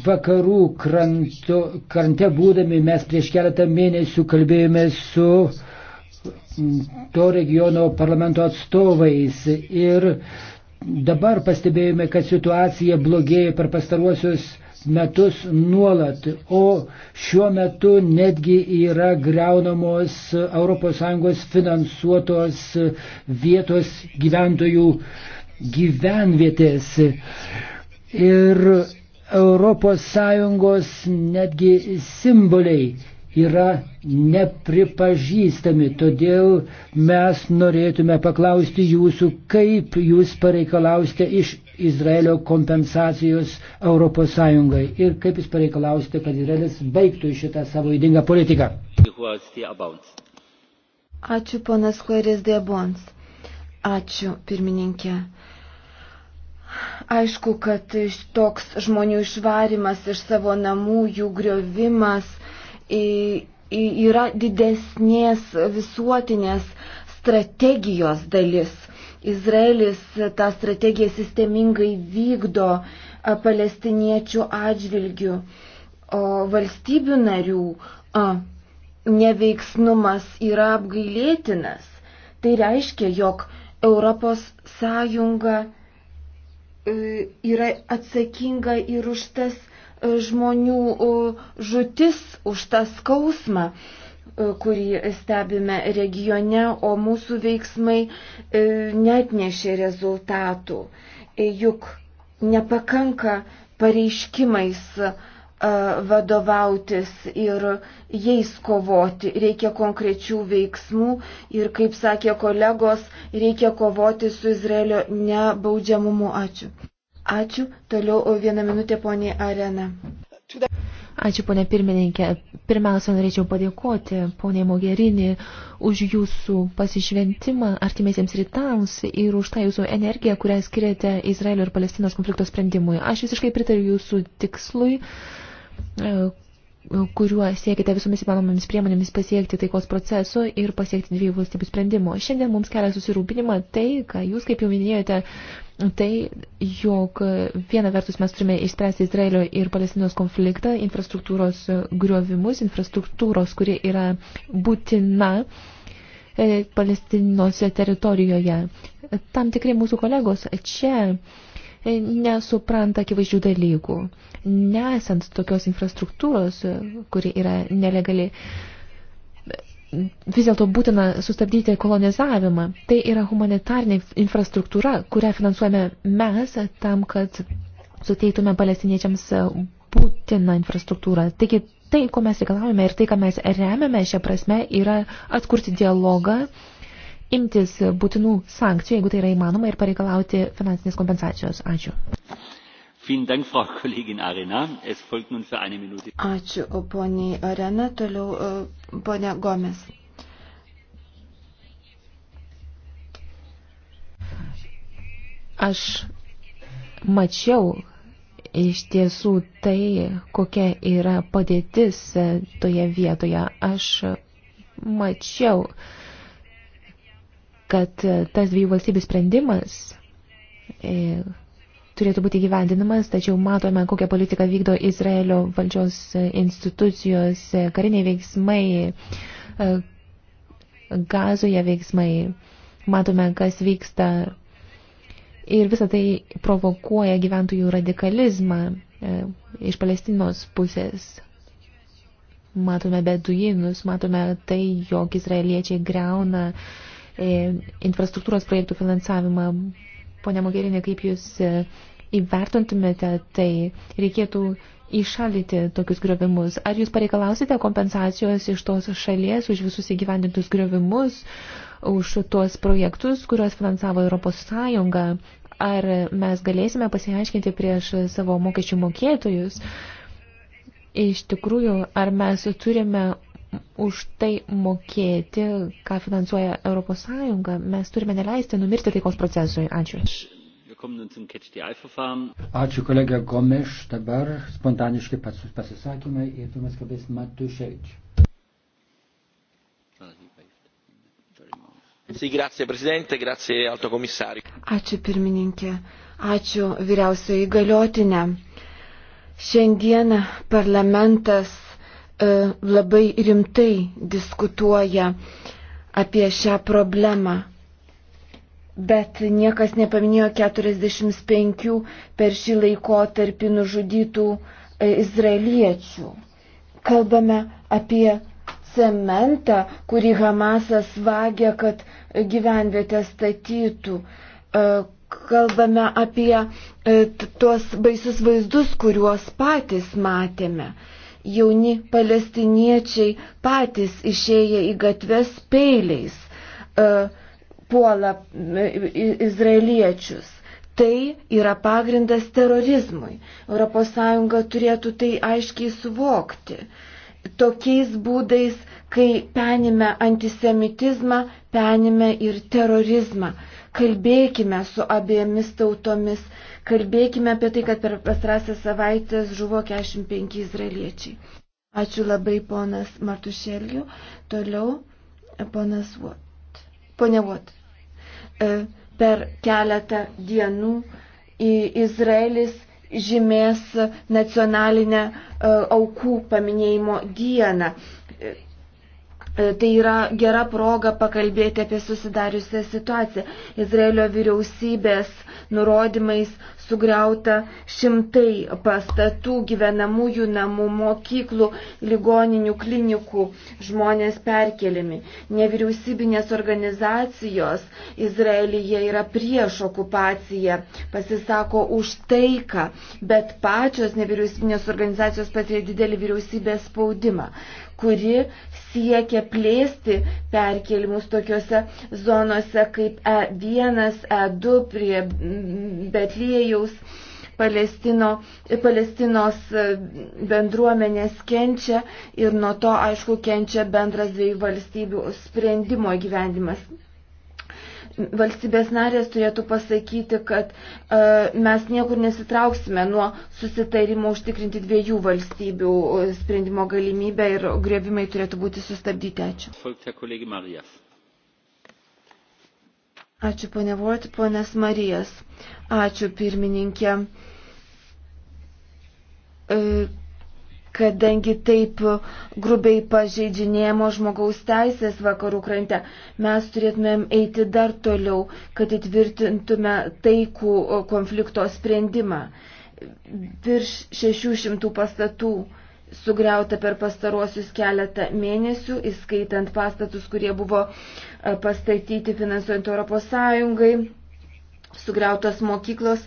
Vakarų kranto, krante būdami mes prieš keletą mėnesių kalbėjome su to regiono parlamento atstovais ir dabar pastebėjome, kad situacija blogėja per pastaruosius metus nuolat, o šiuo metu netgi yra greunamos ES finansuotos vietos gyventojų gyvenvietės. Ir ES netgi simboliai yra nepripažįstami. Todėl mes norėtume paklausti jūsų, kaip jūs pareikalausite iš Izraelio kompensacijos ES ir kaip jūs pareikalausite, kad Izraelis baigtų šitą savo įdingą politiką. Ačiū, ponas Klerės Debons. Ačiū, pirmininkė. Aišku, kad toks žmonių išvarimas iš savo namų, jų griovimas yra didesnės visuotinės strategijos dalis Izraelis tą strategiją sistemingai vykdo palestiniečių atžvilgių, o valstybių narių a, neveiksnumas yra apgailėtinas. Tai reiškia, jog Europos Sąjunga e, yra atsakinga ir už tas e, žmonių žūtis, už tą skausmą. E, kurį stebime regione, o mūsų veiksmai e, net nešė rezultatų. E, juk nepakanka pareiškimais vadovautis ir jais kovoti. Reikia konkrečių veiksmų ir, kaip sakė kolegos, reikia kovoti su Izraelio nebaudžiamumu. Ačiū. Ačiū. Toliau vieną minutę poniai Arena. Ačiū, ponė pirmininkė. Pirmiausia, norėčiau padėkoti ponė Mogherini už jūsų pasišventimą artimiesiems rytams ir už tą jūsų energiją, kurią skiriate Izraelio ir Palestinos konflikto sprendimui. Aš visiškai pritariu jūsų tikslui e, kuriuo siekite visomis įmanomomis priemonėmis pasiekti taikos proceso ir pasiekti dviejų valstybių sprendimo. Šiandien mums kelia susirūpinimą tai, ką jūs, kaip jau minėjote, tai, jog viena vertus mes turime išspręsti Izraelio ir Palestinos konfliktą, infrastruktūros griovimus, infrastruktūros, kuri yra būtina e, Palestinos teritorijoje. Tam tikrai mūsų kolegos čia e, nesupranta akivaizdžių dalykų. Nesant tokios infrastruktūros, kuri yra nelegali, vis dėlto būtina sustabdyti kolonizavimą. Tai yra humanitarnė infrastruktūra, kurią finansuojame mes tam, kad suteiktume palestiniečiams būtiną infrastruktūrą. Taigi tai, ko mes reikalavome ir tai, ką mes remiame šią prasme, yra atkurti dialogą, imtis būtinų sankcijų, jeigu tai yra įmanoma, ir pareikalauti finansinės kompensacijos. Ačiū. Ačiū, poniai Arena, toliau e, ponia Gomes. Aš mačiau iš tiesų tai, kokia yra padėtis toje vietoje. Aš mačiau, kad tas dviejų valstybių sprendimas e, turėtų būti gyvendinamas, tačiau matome, kokią politiką vykdo Izraelio valdžios e, institucijos, e, kariniai veiksmai, e, gazoje veiksmai, matome, kas vyksta ir visą tai provokuoja gyventojų radikalizmą iš Palestinos pusės. Matome beduinus, matome tai, jog izraeliečiai greuna infrastruktūros projektų finansavimą Pone Mogerinė, kaip Jūs įvertintumėte tai, reikėtų įšaldyti tokius griovimus? Ar jūs pareikalausite kompensacijos iš tos šalies už visus įgyvendintus griovimus, už tuos projektus, kuriuos finansavo Europos Sąjunga? Ar mes galėsime pasiaiškinti prieš savo mokesčių mokėtojus? Iš tikrųjų, ar mes turime už tai mokėti, ką finansuoja Europos Sąjunga? Mes turime neleisti numirti taikos procesui. Ačiū. Ačiū kolega Gomeš, dabar spontaniški pasisakymai ir pirmas kalbės Matuševič. Ah, grazie Presidente, grazie Alto Komisariu. Ačiū pirmininkė, ačiū vyriausioji galiotinė. Šiandien parlamentas e, labai rimtai diskutuoja apie šią problemą Bet niekas nepaminėjo 45 per šį laikotarpį nužudytų e, izraeliečių. Kalbame apie cementą, kurį Hamasas vagia, kad gyvenvietę statytų. E, kalbame apie e, tuos baisius vaizdus, kuriuos patys matėme. Jauni palestiniečiai patys išėję į gatves peiliais. Uh, puola e, izraeliečius. Tai yra pagrindas terorizmui. ES turėtų tai aiškiai suvokti. Tokiais būdais, kai penime antisemitizmą, penime ir terorizmą. Kalbėkime su abiemis tautomis, kalbėkime apie tai, kad per pastarąsią savaitę žuvo 45 izraeliečiai. Ačiū labai ponas Martušėliu. Toliau ponas Vot. Pone Vot. E, per keletą dienų Izraelis žymės nacionalinę e, aukų paminėjimo dieną. E, tai yra gera proga pakalbėti apie susidariusią situaciją. Izraelio vyriausybės uh, nurodymais sugriauta šimtai pastatų, gyvenamųjų namų, mokyklų, ligoninių, klinikų, žmonės perkeliami. Nevyriausybinės organizacijos Izraelyje yra prieš okupaciją, pasisako už taiką, bet pačios nevyriausybinės organizacijos patiria didelį vyriausybės spaudimą kuri siekia plėsti perkelimus tokiuose zonose kaip E1, E2 prie Betliejaus. Palestino, Palestinos e, bendruomenės kenčia ir nuo to, aišku, kenčia bendras dviejų valstybių sprendimo gyvendimas valstybės narės turėtų pasakyti, kad e, mes niekur nesitrauksime nuo susitarimo užtikrinti dviejų valstybių e, sprendimo galimybę ir grėvimai turėtų būti sustabdyti. Ačiū. Ačiū ponė Vort, ponės Marijas. Ačiū pirmininkė. E, kadangi taip grubiai pažeidžinėjamo žmogaus teisės vakarų krante. Mes turėtumėm eiti dar toliau, kad įtvirtintume taikų konflikto sprendimą. Virš 600 pastatų sugriauta per pastaruosius keletą mėnesių, įskaitant pastatus, kurie buvo e, pastatyti finansuojant Europos Sąjungai, sugriautos mokyklos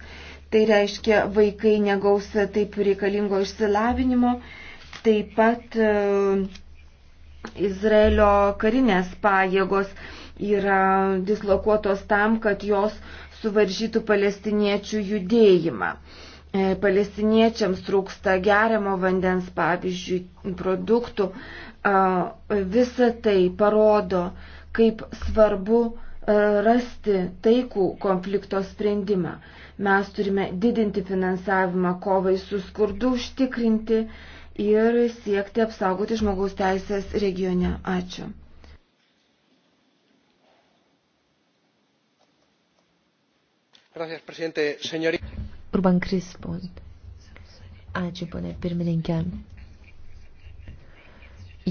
Tai reiškia, vaikai negaus taip reikalingo išsilavinimo. Taip pat e, Izraelio karinės pajėgos yra dislokuotos tam, kad jos suvaržytų palestiniečių judėjimą. E, palestiniečiams trūksta geriamo vandens, pavyzdžiui, produktų. E, visa tai parodo, kaip svarbu rasti taikų konflikto sprendimą. Mes turime didinti finansavimą kovai su skurdu užtikrinti ir siekti apsaugoti žmogaus teisės regione. Ačiū. Gracias, presidente. Señoría. Urban Crispo. Ačiū, ponė pirmininkė.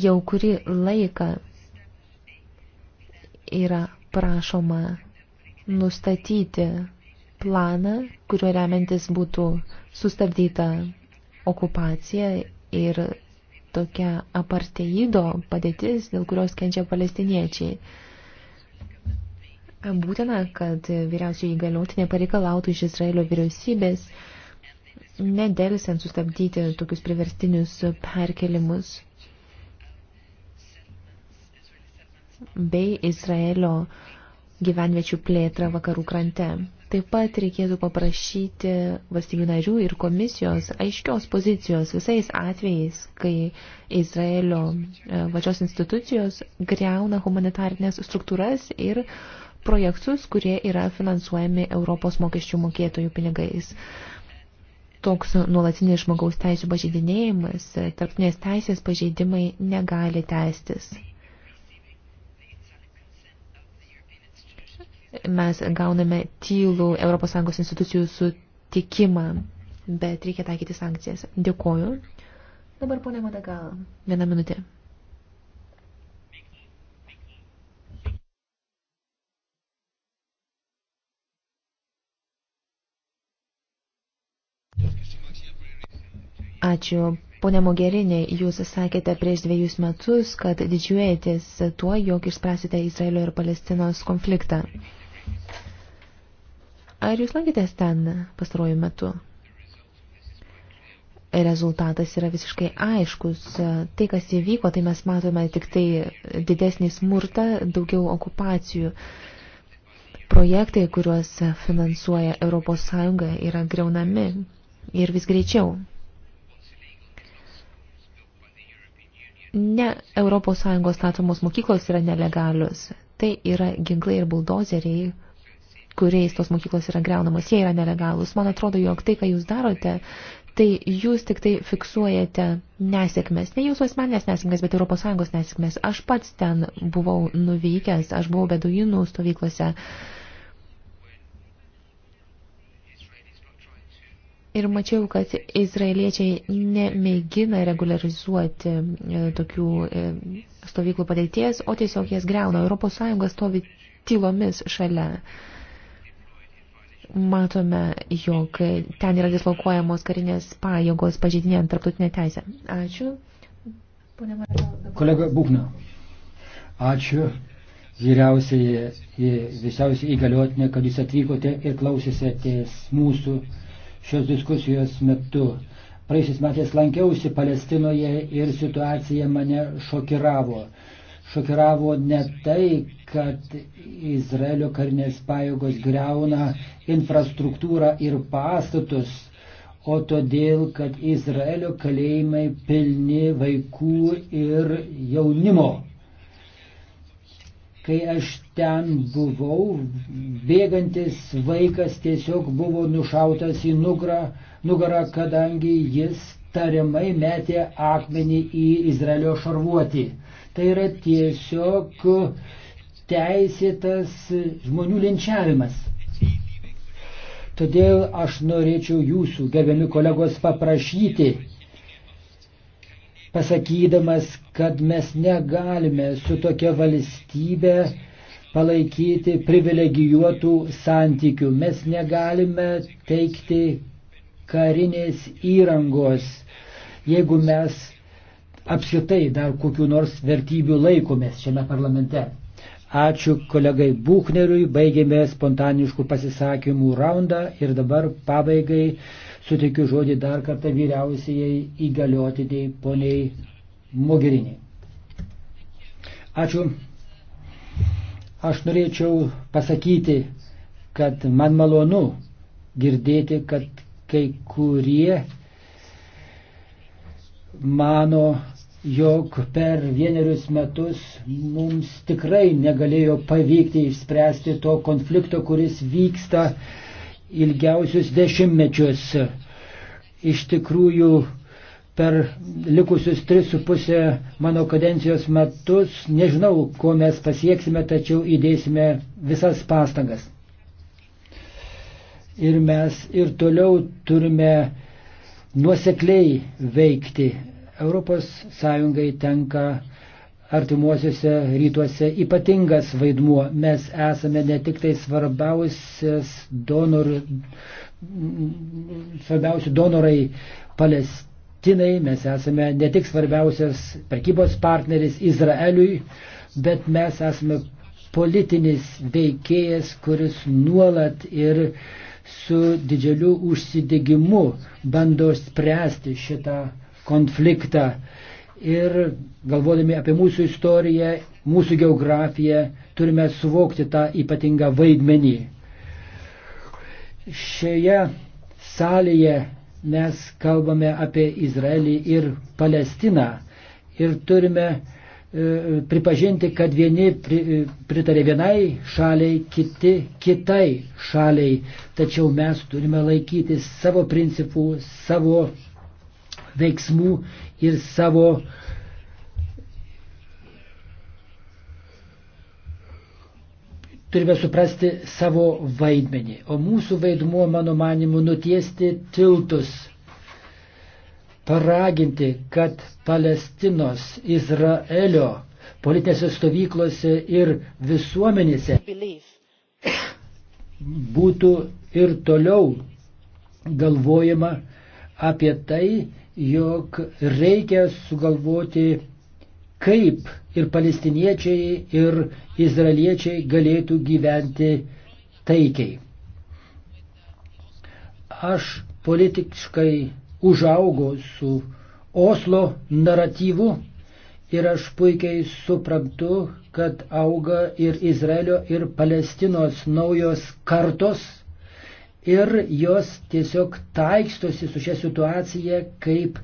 Jau kurį laiką yra prašoma nustatyti planą, kuriuo remiantis būtų sustabdyta okupacija ir tokia aparteido padėtis, dėl kurios kenčia palestiniečiai. Būtina, kad vyriausiai įgaliotinė pareikalautų iš Izraelio vyriausybės nedėlsiant sustabdyti tokius priverstinius perkelimus bei Izraelio gyvenviečių plėtrą vakarų krante. Taip pat reikėtų paprašyti valstybių narių ir komisijos aiškios pozicijos visais atvejais, kai Izraelio e, valdžios institucijos greuna humanitarinės struktūras ir projektus, kurie yra finansuojami Europos mokesčių mokėtojų pinigais toks nuolatinis žmogaus teisų pažeidinėjimas, tarptinės teisės pažeidimai negali tęstis. mes gauname tylų ES institucijų sutikimą, bet reikia taikyti sankcijas. Dėkoju. Dabar ponė Madagal, vieną minutę. Ačiū. Pone Mogerinė, jūs sakėte prieš dviejus metus, kad didžiuojatės tuo, jog išspręsite Izraelio ir Palestinos konfliktą. Ar jūs lankėtės ten pastaruoju metu? Rezultatas yra visiškai aiškus. Tai, kas įvyko, tai mes matome tik tai didesnį smurtą, daugiau okupacijų. Projektai, kuriuos finansuoja ES, yra greunami ir vis greičiau. Ne ES statomos mokyklos yra nelegalius, tai yra ginklai ir buldozeriai, kuriais tos mokyklos yra greunamos, jie yra nelegalūs. Man atrodo, jog tai, ką jūs darote, tai jūs tik tai fiksuojate nesėkmes, ne jūsų asmenės nesėkmes, bet ES nesėkmes. Aš pats ten buvau nuvykęs, aš buvau beduinų stovyklose. Uh, Ir mačiau, kad izraeliečiai nemėgina regularizuoti e, tokių e, stovyklų padėties, o tiesiog jas greuna. Europos Sąjunga stovi tylomis šalia. Matome, jog ten yra dislokuojamos karinės pajėgos pažeidinėjant tarptautinę teisę. Ačiū. Pone Marta, dabar... Kolega Bukna. Ačiū vyriausiai, visiausiai įgaliotinė, kad jūs atvykote ir klausysitės mūsų šios diskusijos metu. Praėjusiais metais lankiausi Palestinoje ir situacija mane šokiravo. Šokiravo ne tai, kad Izraelio karinės pajėgos greuna infrastruktūrą ir pastatus, o todėl, kad Izraelio kalėjimai pilni vaikų ir jaunimo. Kai aš ten buvau, bėgantis vaikas tiesiog buvo nušautas į nugarą, nugarą kadangi jis tariamai metė akmenį į Izraelio šarvuotį. Tai yra tiesiog teisėtas žmonių linčiavimas. Todėl aš norėčiau jūsų, gerbiami kolegos, paprašyti pasakydamas, kad mes negalime su tokia valstybė palaikyti privilegijuotų santykių. Mes negalime teikti karinės įrangos, jeigu mes apskritai dar kokiu nors vertybių laikomės šiame parlamente. Ačiū kolegai Buchneriui, baigėme spontaniškų pasisakymų raundą ir dabar pabaigai sutikiu žodį dar kartą vyriausiai įgaliotiniai poniai Mogerinį. Ačiū. Aš norėčiau pasakyti, kad man malonu girdėti, kad kai kurie mano jog per vienerius metus mums tikrai negalėjo pavykti išspręsti to konflikto, kuris vyksta ilgiausius dešimtmečius. Iš tikrųjų, per likusius tris su pusę mano kadencijos metus, nežinau, ko mes pasieksime, tačiau įdėsime visas pastangas. Ir mes ir toliau turime nuosekliai veikti. ES tenka artimuosiuose rytuose ypatingas vaidmuo. Mes esame ne tik tai svarbiausias donorų, svarbiausi donorai Palestinai, mes esame ne tik svarbiausias prekybos partneris Izraeliui, bet mes esame politinis veikėjas, kuris nuolat ir su didžiuliu užsidegimu bando spręsti šitą konfliktą. Ir galvodami apie mūsų istoriją, mūsų geografiją, turime suvokti tą ypatingą vaidmenį. Šioje salėje mes kalbame apie Izraelį ir Palestiną ir turime e, pripažinti, kad vieni pri, e, pritarė vienai šaliai, kiti kitai šaliai. Tačiau mes turime laikytis savo principų, savo veiksmų ir savo turime suprasti savo vaidmenį. O mūsų vaidmuo, mano manimu, nutiesti tiltus, paraginti, kad Palestinos, Izraelio politinėse stovyklose ir visuomenėse būtų ir toliau galvojama apie tai, jog reikia sugalvoti, kaip ir palestiniečiai, ir izraeliečiai galėtų gyventi taikiai. Aš politiškai užaugau su Oslo naratyvu ir aš puikiai suprantu, kad auga ir Izraelio, ir Palestinos naujos kartos ir jos tiesiog taikstosi su šia situacija kaip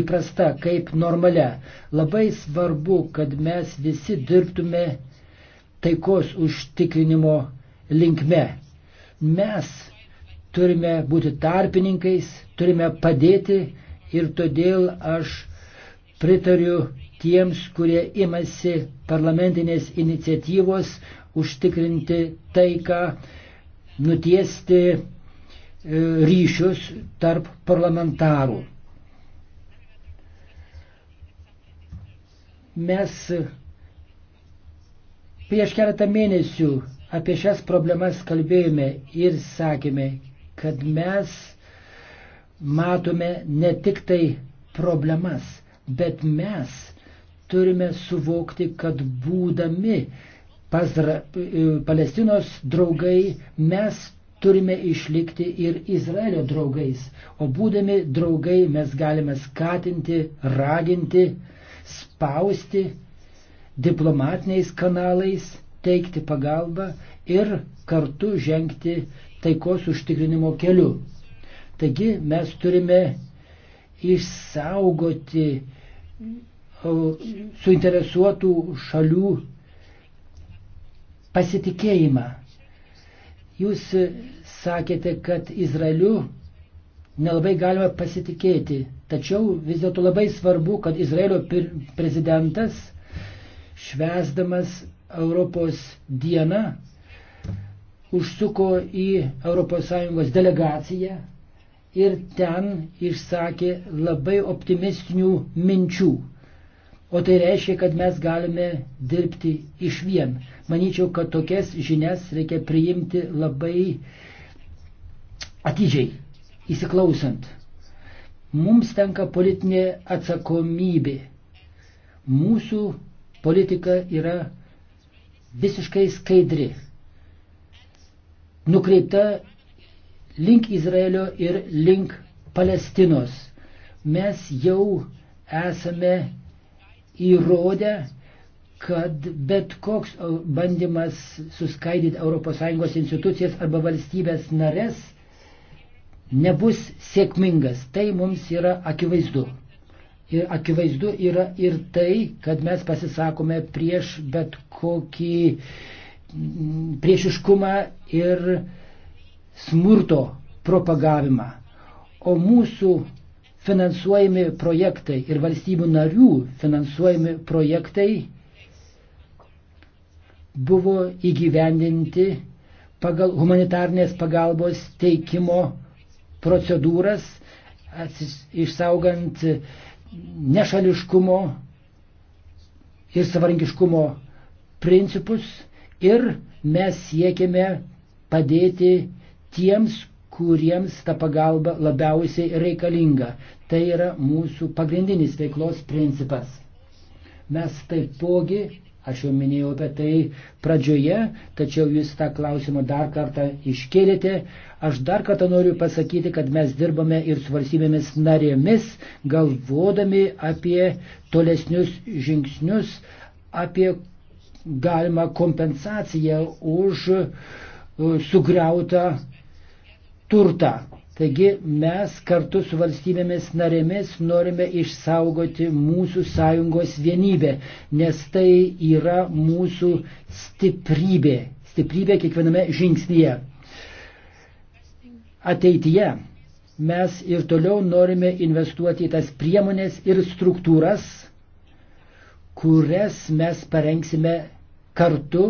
įprasta, kaip normalia. Labai svarbu, kad mes visi dirbtume taikos užtikrinimo linkme. Mes turime būti tarpininkais, turime padėti ir todėl aš pritariu tiems, kurie imasi parlamentinės iniciatyvos užtikrinti taiką, nutiesti E, ryšius tarp parlamentarų. Mes prieš keletą mėnesių apie šias problemas kalbėjome ir sakėme, kad mes matome ne tik tai problemas, bet mes turime suvokti, kad būdami Pazra, e, Palestinos draugai mes turime išlikti ir Izraelio draugais. O būdami draugai mes galime skatinti, raginti, spausti diplomatiniais kanalais, teikti pagalbą ir kartu žengti taikos užtikrinimo keliu. Taigi mes turime išsaugoti suinteresuotų šalių pasitikėjimą. Jūs e, sakėte, kad Izraeliu nelabai galima pasitikėti, tačiau vis dėlto labai svarbu, kad Izraelio prezidentas švesdamas Europos dieną užsuko į ES delegaciją ir ten išsakė labai optimistinių minčių. O tai reiškia, kad mes galime dirbti iš vien. Manyčiau, kad tokias žinias reikia priimti labai atidžiai, įsiklausant. Mums tenka politinė atsakomybė. Mūsų politika yra visiškai skaidri, nukreipta link Izraelio ir link Palestinos. Mes jau esame įrodę, kad bet koks bandymas suskaidyti ES institucijas arba valstybės narės nebus sėkmingas. Tai mums yra akivaizdu. Ir akivaizdu yra ir tai, kad mes pasisakome prieš bet kokį mm, priešiškumą ir smurto propagavimą. O mūsų finansuojami projektai ir valstybių narių finansuojami projektai buvo įgyvendinti pagal humanitarnės pagalbos teikimo procedūras, atsis, išsaugant nešališkumo ir savarankiškumo principus ir mes siekime padėti tiems, kuriems ta pagalba labiausiai reikalinga. Tai yra mūsų pagrindinis veiklos principas. Mes taipogi, aš jau minėjau apie tai pradžioje, tačiau jūs tą klausimą dar kartą iškėlėte. Aš dar kartą noriu pasakyti, kad mes dirbame ir su valstybėmis narėmis, galvodami apie tolesnius žingsnius, apie galimą kompensaciją už uh, sugriautą turtą. Taigi mes kartu su valstybėmis narėmis norime išsaugoti mūsų sąjungos vienybę, nes tai yra mūsų stiprybė, stiprybė kiekviename žingsnyje. Ateityje mes ir toliau norime investuoti į tas priemonės ir struktūras, kurias mes parengsime kartu,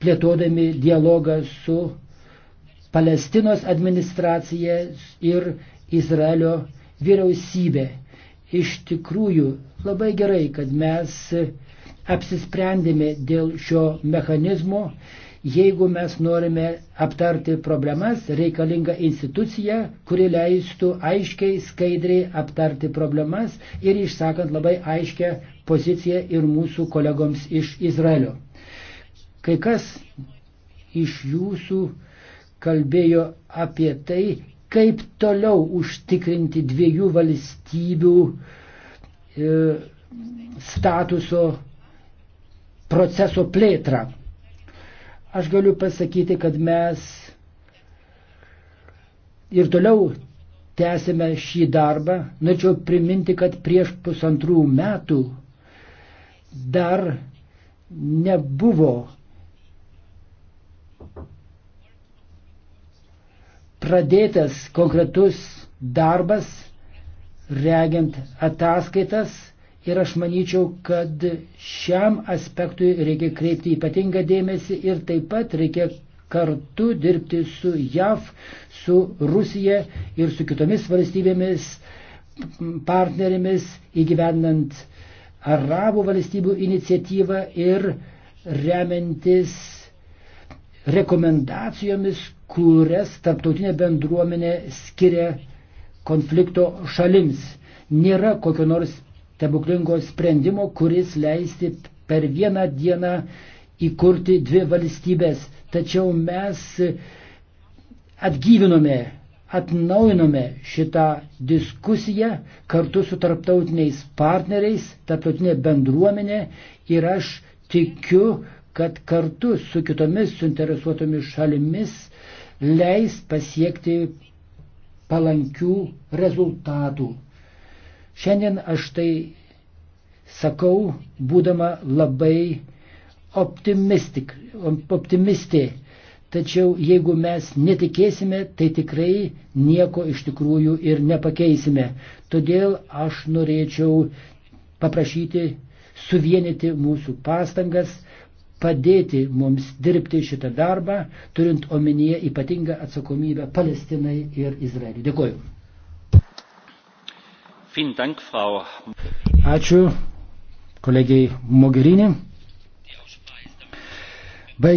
plėtodami dialogą su Palestinos administracija ir Izraelio vyriausybė. Iš tikrųjų, labai gerai, kad mes apsisprendėme dėl šio mechanizmo. Jeigu mes norime aptarti problemas, reikalinga institucija, kuri leistų aiškiai, skaidriai aptarti problemas ir išsakant labai aiškę poziciją ir mūsų kolegoms iš Izraelio. Kai kas iš jūsų kalbėjo apie tai, kaip toliau užtikrinti dviejų valstybių e, statuso proceso plėtrą. Aš galiu pasakyti, kad mes ir toliau tęsime šį darbą. Norėčiau priminti, kad prieš pusantrų metų dar nebuvo pradėtas konkretus darbas, regiant ataskaitas ir aš manyčiau, kad šiam aspektui reikia kreipti ypatingą dėmesį ir taip pat reikia kartu dirbti su JAV, su Rusija ir su kitomis valstybėmis, partnerėmis įgyvendant arabų valstybių iniciatyvą ir remiantis rekomendacijomis, kurias tarptautinė bendruomenė skiria konflikto šalims. Nėra kokio nors tebuklingo sprendimo, kuris leisti per vieną dieną įkurti dvi valstybės. Tačiau mes atgyvinome, atnaujinome šitą diskusiją kartu su tarptautiniais partneriais, tarptautinė bendruomenė ir aš tikiu, kad kartu su kitomis suinteresuotomis šalimis leis pasiekti palankių rezultatų. Šiandien aš tai sakau, būdama labai optimistik, optimistė. Tačiau jeigu mes netikėsime, tai tikrai nieko iš tikrųjų ir nepakeisime. Todėl aš norėčiau paprašyti suvienyti mūsų pastangas, padėti mums dirbti šitą darbą, turint omenyje ypatingą atsakomybę Palestinai ir Izraeliui. Dėkuoju. Ačiū kolegijai Mogherini.